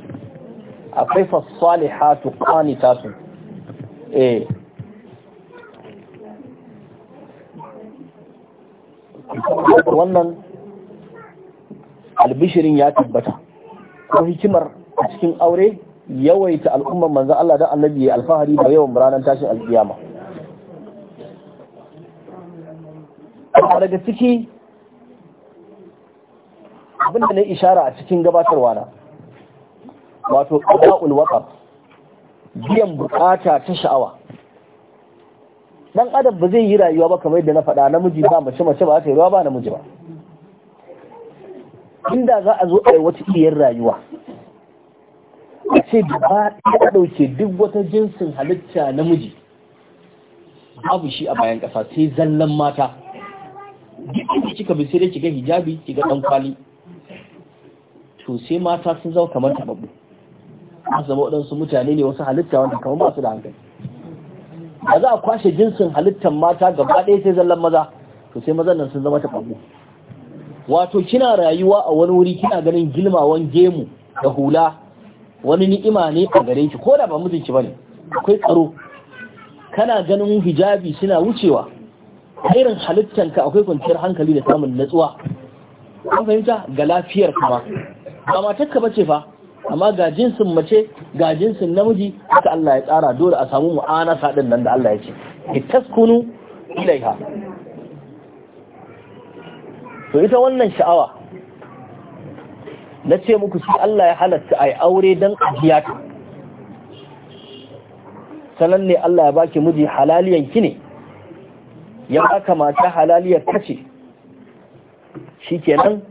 akwai fasalihatu qanitatu eh wannan albishirin ya tabbata ko hikimar a cikin aure yawaita al'ummar manzo Allah dan annabi ya alfahari da yawan ranar tashin alkiyama daga ciki abinda na ishara a cikin gabatarwa na wato qada'ul waqf biyan bukata ta sha'awa dan adam ba zai yi rayuwa ba kamar yadda na faɗa namiji ba mace mace ba ta yi ruwa ba namiji ba inda za a zo a yi wata iyar rayuwa a ce gaba ɗaya ɗauke duk wata jinsin halitta namiji babu shi a bayan ƙasa sai zallan mata duk inda kika bi sai dai kiga hijabi kiga ɗan kwali to sai mata sun zama kamar tababbu a zama waɗansu mutane ne wasu halitta wanda kamar masu da hankali ba za a kwashe jinsin halittar mata gaba ɗaya sai zallan maza to sai mazan nan sun zama tababbu wato kina rayuwa a wani wuri kina ganin gilmawan gemu da hula wani ni'ima ne a gare ki ko da ba mijinki bane akwai tsaro kana ganin hijabi suna wucewa irin ka akwai kwanciyar hankali da samun natsuwa an fahimta ga lafiyar kuma ba matarka bace fa amma ga jinsin mace ga jinsin namiji haka Allah ya tsara dole a samu mu'anasa din nan da Allah ya ce itaskunu taskunu ilaiha to ita wannan sha'awa na ce muku shi Allah ya halatta a aure don ajiya ta sanan ne Allah ya baki miji halaliyan ki ne ya baka mata halaliyar kace shi kenan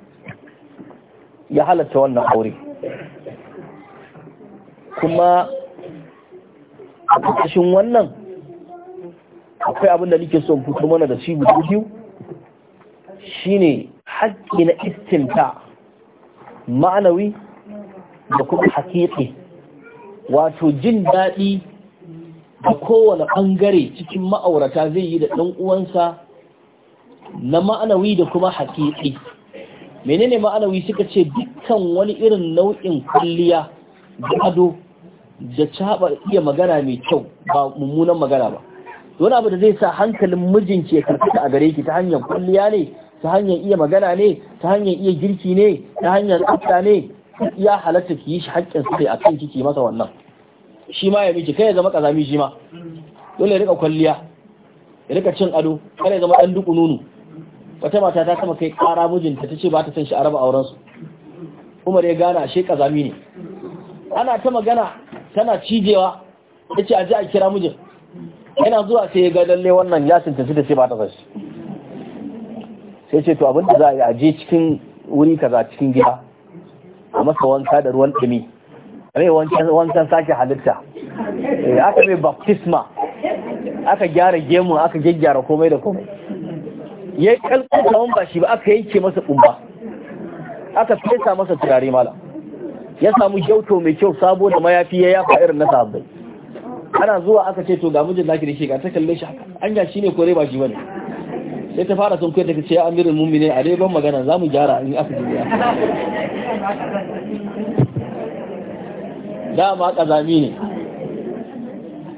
ya halatta wannan aure kuma a wannan akwai abin da nake son fito mana da shi biyu shine haƙƙi na istinta ma'anawi da kuma haƙiƙi wato jin daɗi da kowane ɓangare cikin ma'aurata zai yi da ɗan uwansa na ma'anawi da kuma haƙiƙi menene ma'anawi suka ce dukkan wani irin nau'in kulliya da ado da caɓar iya magana mai kyau ba mummunan magana ba wani abu da zai sa hankalin mijinki ya karkata a gare ki ta hanyar kulliya ne ta hanyar iya magana ne ta hanyar iya girki ne ta hanyar tsafta ne ya halatta ki yi shi haƙƙin su a kan kike masa wannan shi ma ya miki kai ya zama kazami shi ma dole ya rika kwalliya ya rika cin ado kada ya zama dan duku nunu wata mata ta sama kai ƙara mijinta ta ce ba ta san shi a raba auren su Umar ya gana ashe kazami ne ana ta magana tana cijewa yace aje a kira mijin yana zuwa sai ya ga lalle wannan ya tantance da sai ba ta san shi sai ce to abin da za a yi a je cikin wuri kaza cikin gida a masa wanka da ruwan ɗumi mai wancan sake halitta eh, aka mai baptisma aka gyara gemu aka gyaggyara komai da komai ya yi kalkun kawon ba shi ba aka yanke masa ƙumba aka fesa masa turare mala ya samu kyauto mai kyau sabo da mayafi ya yafa irin na sahabbai ana zuwa aka ce to ga mijin zaki da shi ga ta kalle shi haka anya ne kore ba shi bane sai ta fara sun kai ta ce amirin mummine a dai ban magana za mu gyara in aka dubiya dama kazami ne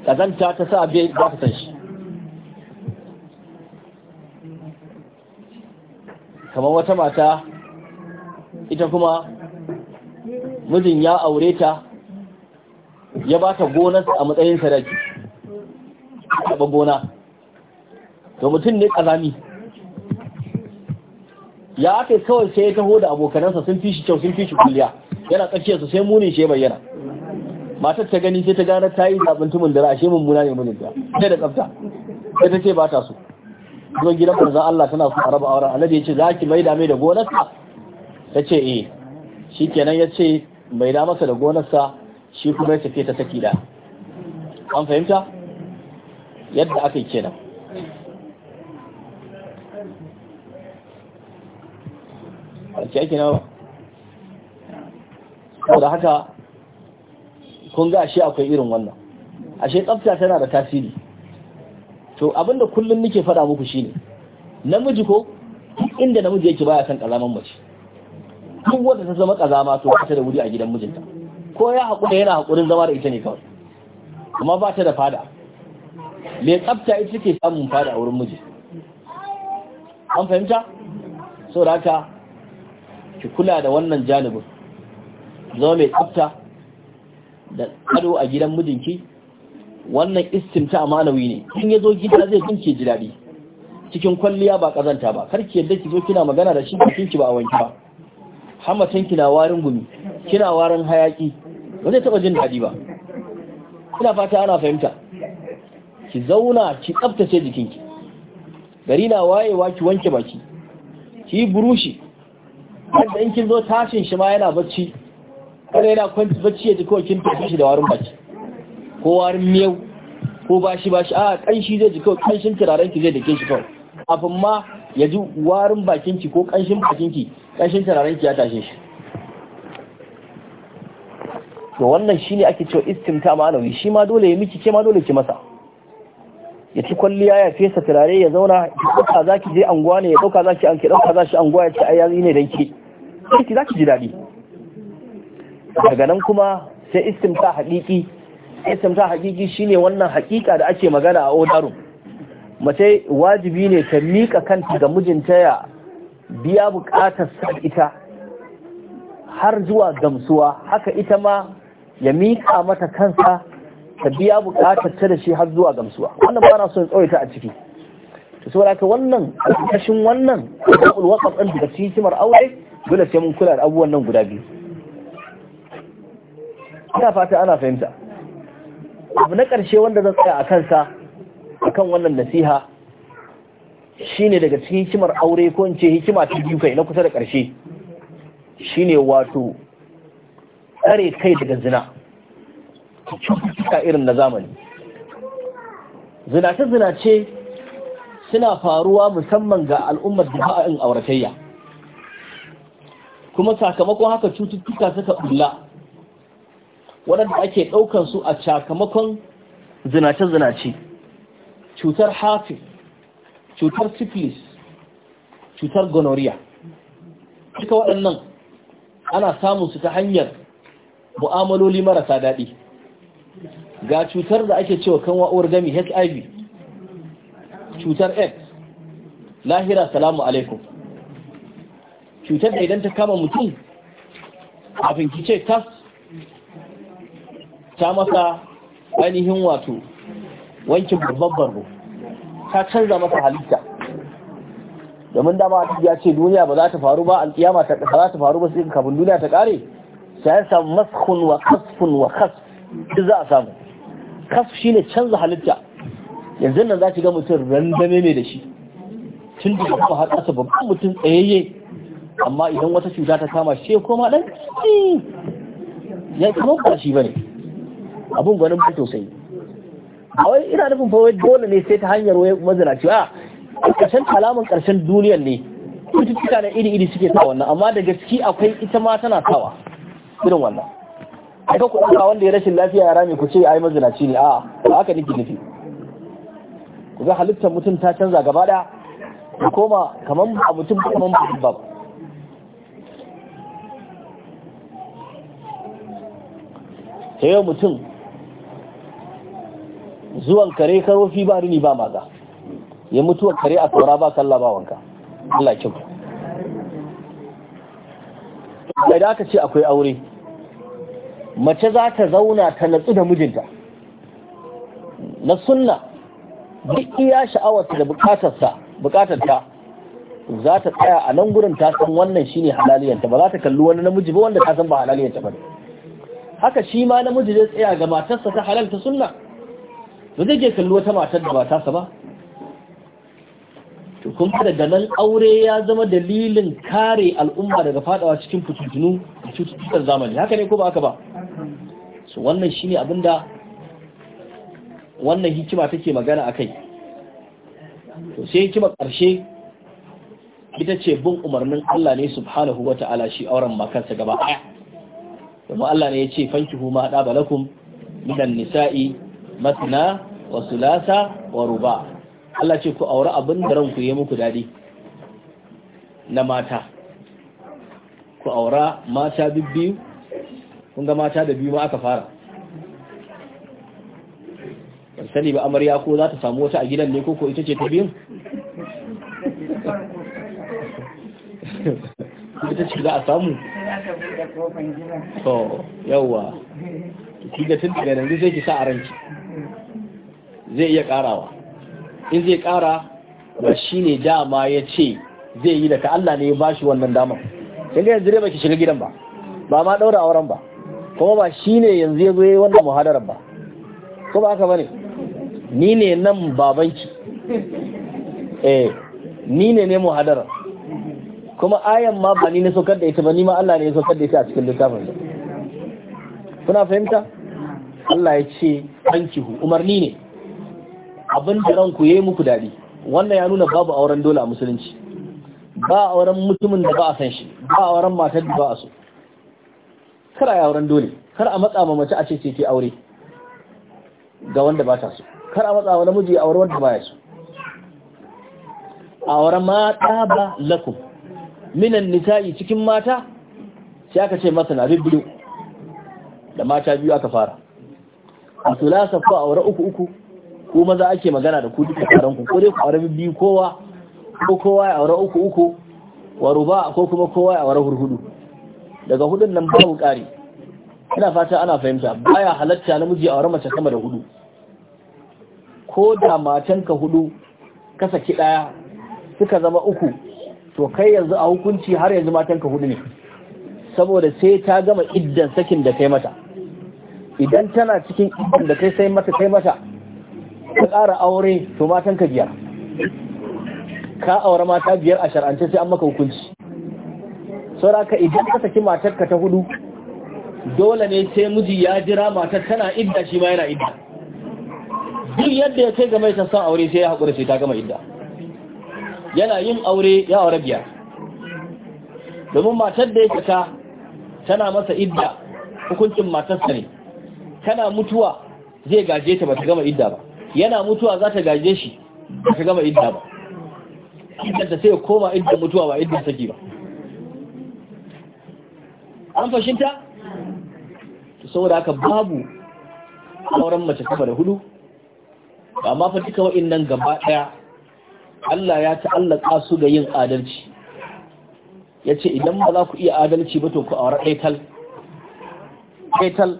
kazanta ta sa bai ba ta san shi kamar wata mata ita kuma mijin ya aure ta ya ba ta gonarsa a matsayin sadaki taɓa gona to mutum ne ƙazami ya aka kawai sai ya taho da abokanansa sun fi shi kyau sun fi shi kulliya yana tsakiyarsa sai munin shi bayyana matar ta gani sai ta gane ta yi zaɓin tumin da mun mummuna ne munin ta sai da tsafta sai ta ce ba ta so zuwan gidan manzan Allah tana so a raba auren alade ya ce za ki maida mai da gonarsa ta ce eh shi kenan ya ce mai maida masa da gonarsa shi kuma ya tafi ta saki da an fahimta yadda aka yi kenan ba ki ake nawa saboda haka kun ga ashe akwai irin wannan ashe tsafta tana da tasiri to abinda kullum nake faɗa muku shine namiji ko inda namiji yake baya san kazaman mace duk wanda ta zama kazama to ta da wuri a gidan mijinta ko ya haƙura yana haƙurin zama da ita ne kawai amma ba ta da fada mai tsafta ita ke samun fada a wurin miji an fahimta saboda haka ki kula da wannan janibin zama mai tsafta da ado a gidan mijinki wannan istimta manawi ne in ya zo gida zai kinke ji daɗi cikin kwalliya ba kazanta ba karki yadda ki zo kina magana da shi kinki ba a wanki ba hamatan kina warin gumi kina warin hayaki ba zai taɓa jin daɗi ba ina fata ana fahimta ki zauna ki tsaftace jikinki gari na wayewa ki wanke baki ki burushi wanda in kin zo tashin shi ma yana bacci kada yana kwanci bacci ya ji kawai kin tafi shi da warin baki ko warin miyau ko bashi bashi a kanshi zai ji kawai kanshin turaren ki zai dake shi kawai kafin ma ya ji warin bakin ki ko kanshin bakin ki kanshin turaren ki ya tashe shi to wannan shine ake cewa istimta ma'anawi shi ma dole ya miki ke ma dole ki masa ya ci kwalliya ya fesa turare ya zauna ki ɗauka za ki je anguwa ne ya ɗauka za ki an ki ɗauka za shi anguwa ya ce ai yazi ne dan ki ki za ki ji daɗi daga nan kuma sai istimta haƙiƙi istimta haƙiƙi shine wannan haƙiƙa da ake magana a odarum mace wajibi ne ta miƙa kanta ga mijinta ya biya buƙatar sa ita har zuwa gamsuwa haka ita ma ya miƙa mata kansa ta biya bukatar ta da shi har zuwa gamsuwa wannan ba na son tsawaita a ciki to saboda ka wannan kashin wannan al'ul wasaf din da cikin hikimar aure dole sai mun kula da abubuwan nan guda biyu ina fata ana fahimta abu na ƙarshe wanda zan tsaya a kansa akan wannan nasiha shine daga cikin hikimar aure ko in ce hikima ta biyu kai na kusa da karshe shine wato tsare kai daga zina cututtuka irin na zamani zinace-zinace suna faruwa musamman ga al'ummar da ba'in auratayya kuma sakamakon haka cututtuka suka bulla waɗanda ake ɗaukan su a sakamakon zinace-zinace cutar hafi cutar syphilis cutar gonorrhea duka waɗannan ana samun su ta hanyar mu'amaloli marasa daɗi ga cutar da ake cewa kan wa'uwar gami hiv cutar x lahira salamu alaikum cutar da idan ta kama mutum abin kice tas ta masa ainihin wato wankin babban barbo ta canza masa halitta domin dama ya ce duniya ba za ta faru ba alkiyama ta za ta faru ba sai kafin duniya ta ƙare? Sayan samun maskun wa kasfun wa kasf duk za a samu kasu shine canza halitta yanzu nan za ki ga mutum randame mai da shi tun da kuma har babban mutum tsayayye amma idan wata cuta ta kama shi ko ma ɗan ya ba shi bane abun gwanin ba tausayi a wai ina nufin fa dole ne sai ta hanyar wai cewa a ƙarshen kalamin ƙarshen duniyar ne cututtuka na iri-iri suke sa wannan amma da gaske akwai ita ma tana sawa irin wannan aka ku ɗauka wanda ya rashin lafiya ya rame ku ce ai mazinaci ne a'a ba haka niki nufi ku ga halittar mutum ta canza gaba da ku koma kaman ba mutum ba kaman ba ba sai yau mutum zuwan kare fi ba rini ba maza ya mutuwa kare a tsora ba kalla ba wanka Allah kyau da aka ce akwai aure mace za ta zauna ta natsu da mijinta na sunna duk iya sha'awarta da bukatarsa bukatarta za ta tsaya a nan gurin ta san wannan shine halaliyanta ba za ta kalli wani namiji ba wanda ta san ba halaliyanta ba haka shi ma namiji zai tsaya ga matarsa ta halalta sunna ba zai je kalli wata matar da ba tasa ba to kun daga nan aure ya zama dalilin kare al'umma daga fadawa cikin fitintunu da cututtukan zamani haka ne ko ba haka ba so wannan shine abinda wannan hikima take magana akai to sai hikima karshe. ita ce bin umarnin Allah ne subhanahu wata'ala shi auren makansa gaba ɗaya kuma Allah ne ya ce fankihu ma haɗa balakum minan nisa'i matna wa sulasa wa ruba Allah ce ku aure abin da ranku ya muku daɗi na mata ku aura mata bibbiyu kun ga mata da biyu ma aka fara ban sani ba amarya ko za ta samu wata a gidan ne ko, ko ita ce ta biyun ita ce za a samu to ki ga tun daga nanzu sai ki sa a ranci. zai iya karawa in zai kara ba shi ne dama ya ce zai yi da ka Allah ne ya shi wannan dama sai ga yanzu ba ki shiga gidan ba ba ma daura auren ba kuma ba shi ne yanzu ya zo yi wannan muhadarar ba ko ba haka ba ne ni ne nan babanki eh ni ne ne muhadarar kuma ayan ma ba ni ne saukar da ita ba ni ma Allah ne ya saukar da ita a cikin littafin da kuna fahimta Allah ya ce ankihu umarni ne abin da ranku yayi muku dadi wannan ya nuna babu auren dole a musulunci ba auren mutumin da ba a san shi ba auren matar da ba a so kar a yi auren dole kar a matsa ma mace a ce ce ke aure ga wanda ba ta so kar a matsa wa namiji a aure wanda ba ya so aure mata ba lakum minan nisa'i cikin mata sai aka ce masa na biyu da mata biyu aka fara a tulasa ko aure uku uku ko maza ake magana da ku duka taron ku ko dai ku aure biyu kowa ko kowa ya aure uku uku wa ruba ko kuma kowa ya aure hurhudu daga hudun nan babu kare, ina fata ana fahimta baya halatta namiji a wurin mace sama da hudu ko da matanka hudu ka saki daya suka zama uku to kai yanzu a hukunci har yanzu matanka hudu ne saboda sai ta gama iddan sakin da kai mata idan tana cikin iddan da kai sai mata kai mata ka ƙara aure to matanka biyar ka aure mata biyar a shar'ance sai an maka hukunci ka idan ka saki matarka ta hudu dole ne sai miji ya jira matar tana idda shi ma yana idda duk yadda ya kai ga mai sassan aure sai ya haƙura sai ta gama idda yana yin aure ya aure biya domin matar da ya fita tana masa idda hukuncin matarsa ne tana mutuwa zai gaje ta ba ta gama idda ba yana mutuwa za ta gaje shi ba ta gama idda ba idda ta sai koma idda mutuwa ba idda saki ba an fashinta? to saboda haka babu auren mace kafa da hudu ba ma fa duka nan gaba daya Allah ya ta'allaka su ga yin adalci ya ce idan ba za ku iya adalci ba to ku aure ɗaital aital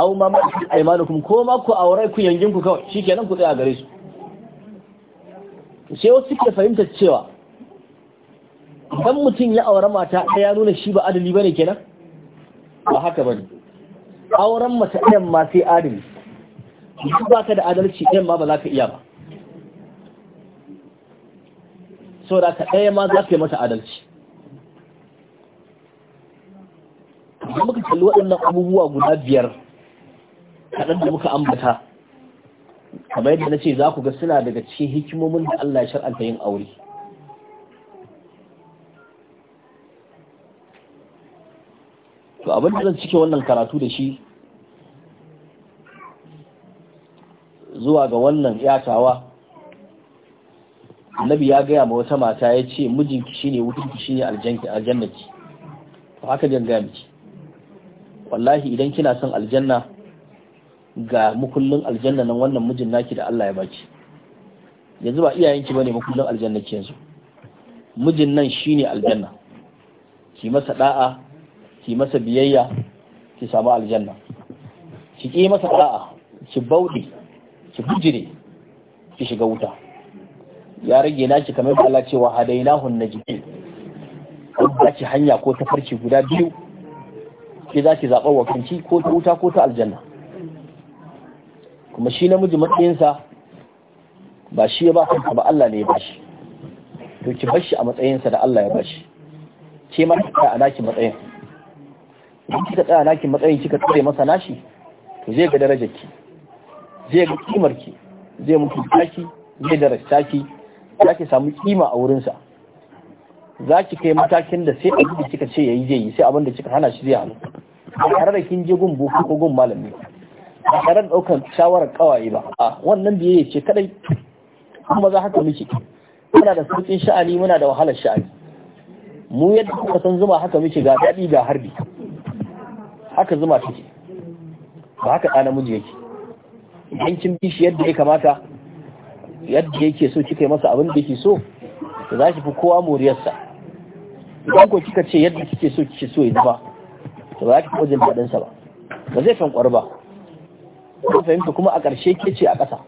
au ma ma'a aimanukum ko ma ku aure ku yangin ku kawai shikenan ku tsaya gare su sai wasu suke fahimtar cewa idan mutum ya aure mata ɗaya nuna shi ba adali bane kenan ba haka bane auren mace ɗayan ma sai adali duk ba ka da adalci ɗayan ma ba za ka iya ba so da ka ɗaya ma za ka yi mata adalci idan muka kalli waɗannan abubuwa guda biyar kaɗan da muka ambata kamar yadda na ce za ku ga suna daga cikin hikimomin da Allah ya shar'anta yin aure abin da zan cike wannan karatu da shi zuwa ga wannan yatawa annabi ya gaya ma wata mata ya ce mijinki shine wutinki shine aljannaki to haka jan gaya miki wallahi idan kina son aljanna ga mukullin aljanna nan wannan mijin naki da Allah ya baki yanzu ba iyayenki bane mukullin aljanna ki yanzu mijin nan shine aljanna ki masa da'a ki masa biyayya ki samu aljanna ki ki masa da'a ki bauɗe ki bujire ki shiga wuta ya rage naki kamar da Allah cewa hadainahun najibin ba ki hanya ko ta farki guda biyu ki za ki zaɓar wa kanki ko ta wuta ko ta aljanna kuma shi namiji matsayinsa ba shi ya ba kanka ba Allah ne ya bashi to ki bar a matsayinsa da Allah ya bashi ke mata a naki matsayin idan kika tsaya naki matsayin kika tsare masa nashi to zai ga darajarki ki zai ga kimarki zai muku taki zai darasta ki za ki samu kima a wurinsa za ki kai matakin da sai abin da kika ce yayi zai yi sai abin da kika hana shi zai hannu tare da kin je gun boko ko gun malami ba tare da ɗaukar shawarar kawaye ba a wannan biyayya ce kadai kuma za haka miki muna da sauƙin sha'ani muna da wahalar sha'ani mu yadda kuka san zuma haka miki ga daɗi ga harbi haka zuma take ba haka ɗa namiji yake idan kin bi shi yadda ya kamata yadda yake so kika yi masa abin da yake so to za ki fi kowa moriyarsa idan ko kika ce yadda kike so kike so ya zuba to ba za ki fi wajen daɗinsa ba ba zai ƙwar ba ko fahimta kuma a ƙarshe ke ce a ƙasa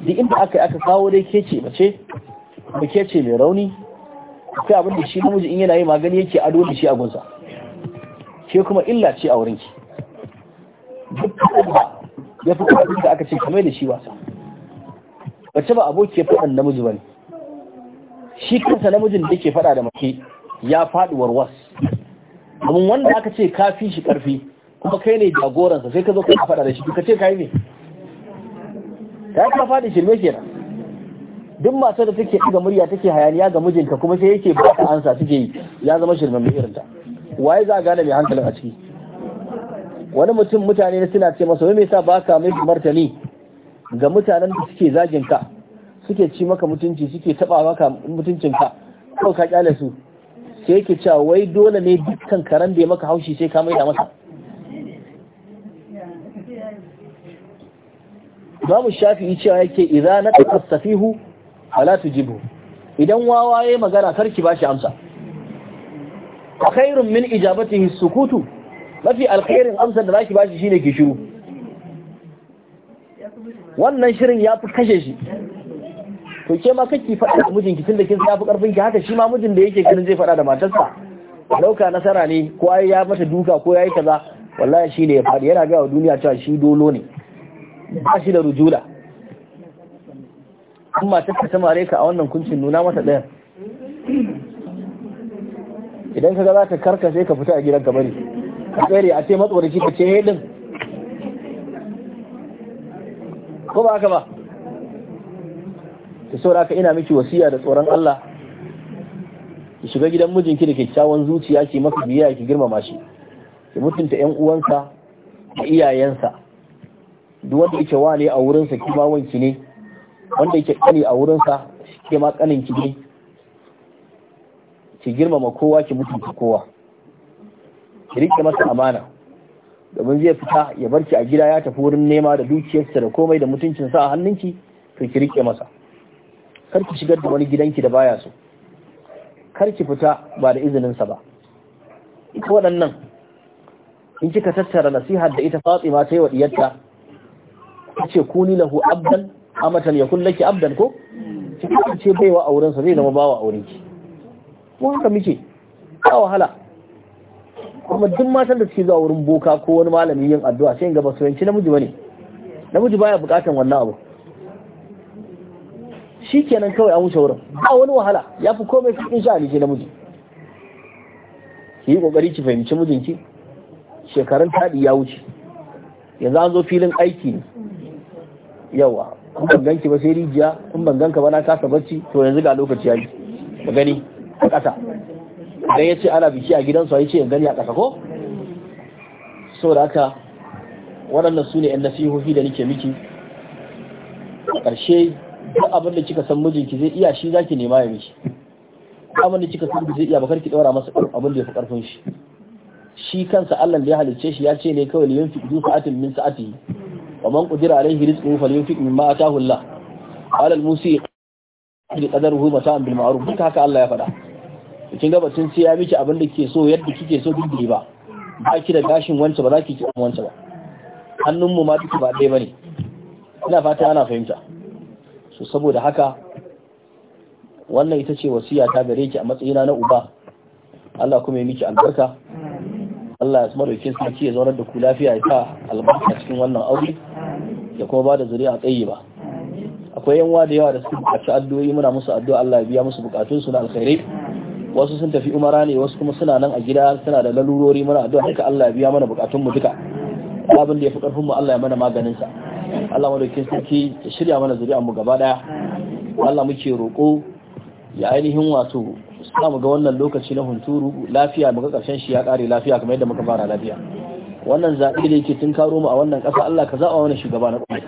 duk inda aka aka kawo dai ke ce mace ba ke ce mai rauni akwai abin da shi namiji in yana yi magani yake ado da shi a gunsa ke kuma illa ce a wurinki duk ya fi kuma da aka ce kamar da shi wasa mace ba abokiyar faɗan namiji ba ne shi kansa namijin da ke faɗa da mace ya faɗi warwas domin wanda aka ce ka fi shi ƙarfi kuma kai ne jagoransa sai ka zo ka faɗa da shi ka ce kai ne ta ka faɗi shirme kenan duk masu da take ga murya take hayaniya ga mijinta kuma sai yake ba ta ansa take yi ya zama shirme mai irinta waye za a gane mai hankalin a ciki wani mutum mutane ne suna ce masa wai me yasa ba ka mai martani ga mutanen da suke zagin ka suke ci maka mutunci suke taba maka mutuncin ka ko ka kyale su sai yake cewa wai dole ne dukkan karan da ya maka haushi sai ka mai da masa shafi Shafi'i cewa yake idan na tasafihu ala tujibu idan wawaye magana karki shi amsa khairun min ijabatihi sukutu mafi alkhairin amsar da zaki bashi shine ki shiru wannan shirin ya fi kashe shi to ke ma kake faɗa da mijinki tunda kin sa fi karfin ki haka shi ma mijin da yake ganin zai faɗa da matarsa dauka nasara ne ko ai ya mata duka ko yayi kaza wallahi shine ya faɗi yana ga duniya cewa shi dolo ne ba shi da rujula amma ta ta mare ka a wannan kuncin nuna mata ɗaya idan ka ga za ka karkashe ka fita a gidan kamar bari ka tsere a ce shi ka ce hedin eh, ko ba haka ba ta sau da ina miki wasiya da tsoron Allah ki shiga gidan mijinki da kyakkyawan zuciya ki maka biya ki girmama shi ki mutunta yan uwansa da iyayensa duk wanda yake wane a wurinsa ki ma wanki ne wanda yake kani a wurinsa ke ma kanin ki ne ki girmama kowa ki mutunta kowa ki rike masa amana domin zai fita ya bar ki a gida ya tafi wurin nema da dukiyarsa da komai da mutuncin sa a hannunki to ki rike masa kar ki shigar da wani gidanki da baya so kar ki fita ba da izinin sa ba ita waɗannan in kika tattara nasihar da ita Fatima ta yi wa diyarta ce kuni lahu abdan amatan yakun laki abdan ko kika ce baiwa aurensa zai zama bawa aurenki mu haka muke ba wahala kuma duk matan da suke zuwa wurin boka ko wani malami yin addu'a sai ga ba su yanci namiji bane namiji baya bukatan wannan abu shi kenan kawai an wuce wurin ba wani wahala ya fi komai cikin sha'ani ce namiji ki yi kokari ki fahimci mijinki shekarun taɗi ya wuce yanzu an zo filin aiki ne yawa in ban ganki ba sai rijiya in ban ganka ba na kasa barci, to yanzu ga lokaci ya yi gani a ƙasa dan ya ce ana biki a gidansu a yi ce ya gani a ƙasa ko da aka waɗannan su ne yan nasihohi da nake miki a ƙarshe duk abin da kika san mijinki zai iya shi zaki nema ya miki abin da kika san zai iya ba ki ɗaura masa abin da ya fi ƙarfin shi shi kansa Allah da ya halicce shi ya ce ne kawai liyan fi'du sa'atin min sa'ati wa man qadira alaihi rizquhu falyunfiq mimma ataahu Allah qala al-musi qadaruhu mata'an bil ma'ruf duka haka Allah ya faɗa kin ga batun sai ya miki abin da kike so yadda kike so duk ba ba ki da gashin wance ba za ki ki wance ba hannun mu ma duk ba dai bane ina fata ana fahimta so saboda haka wannan ita ce wasiya ta gare ki a matsayina na uba Allah kuma ya miki albarka Allah ya tsama dokin sarki ya zaunar da ku lafiya ya sa albarka cikin wannan aure ya kuma ba da zuri'a tsayi ba akwai yanwa da yawa da suka buƙaci addu'o'i muna musu addu'a Allah ya biya musu buƙatunsu na alkhairai wasu sun tafi umara ne wasu kuma suna nan a gida suna da lalurori mana addu'a haka Allah ya biya mana bukatun mu duka abin da ya fi karfin mu Allah ya mana maganin sa Allah madaukakin sarki ya shirya mana zuri'an mu gaba daya Allah muke roƙo ya ainihin wato sa mu ga wannan lokaci na hunturu lafiya muka karshen shi ya kare lafiya kamar yadda muka fara lafiya wannan zaɓe da yake tun karo mu a wannan ƙasa Allah ka zaɓa wani shugaba na ƙwarai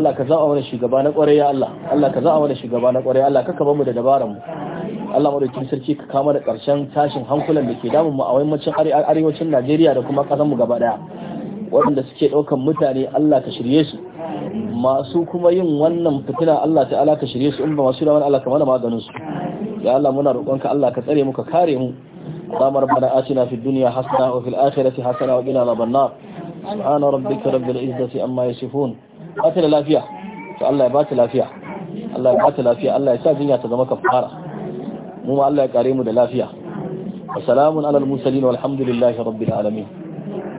Allah ka zaɓa wani shugaba na ƙwarai ya Allah Allah ka zaɓa wani shugaba na ƙwarai Allah ka kaba mu da dabaran mu Allah madaukakin sarki ka kama da karshen tashin hankulan da ke damun mu a yammacin arewacin Najeriya da kuma kasar mu gaba daya waɗanda suke ɗaukan mutane Allah ka shirye su masu kuma yin wannan fitina Allah ta'ala ka shirye su in ba masu rawan Allah kamar maganin su ya Allah muna roƙonka Allah ka tsare mu ka kare mu samar bana fi hasana اللهم ربنا آتنا في الدنيا حسنة وفي الآخرة حسنة وقنا عذاب ba ta da lafiya to Allah ya ba ta lafiya Allah ya ba ta lafiya Allah ya sa jinya ta zama بحارة mu ma Allah ya kare mu da lafiya assalamun alal mursalin walhamdulillahi rabbil alamin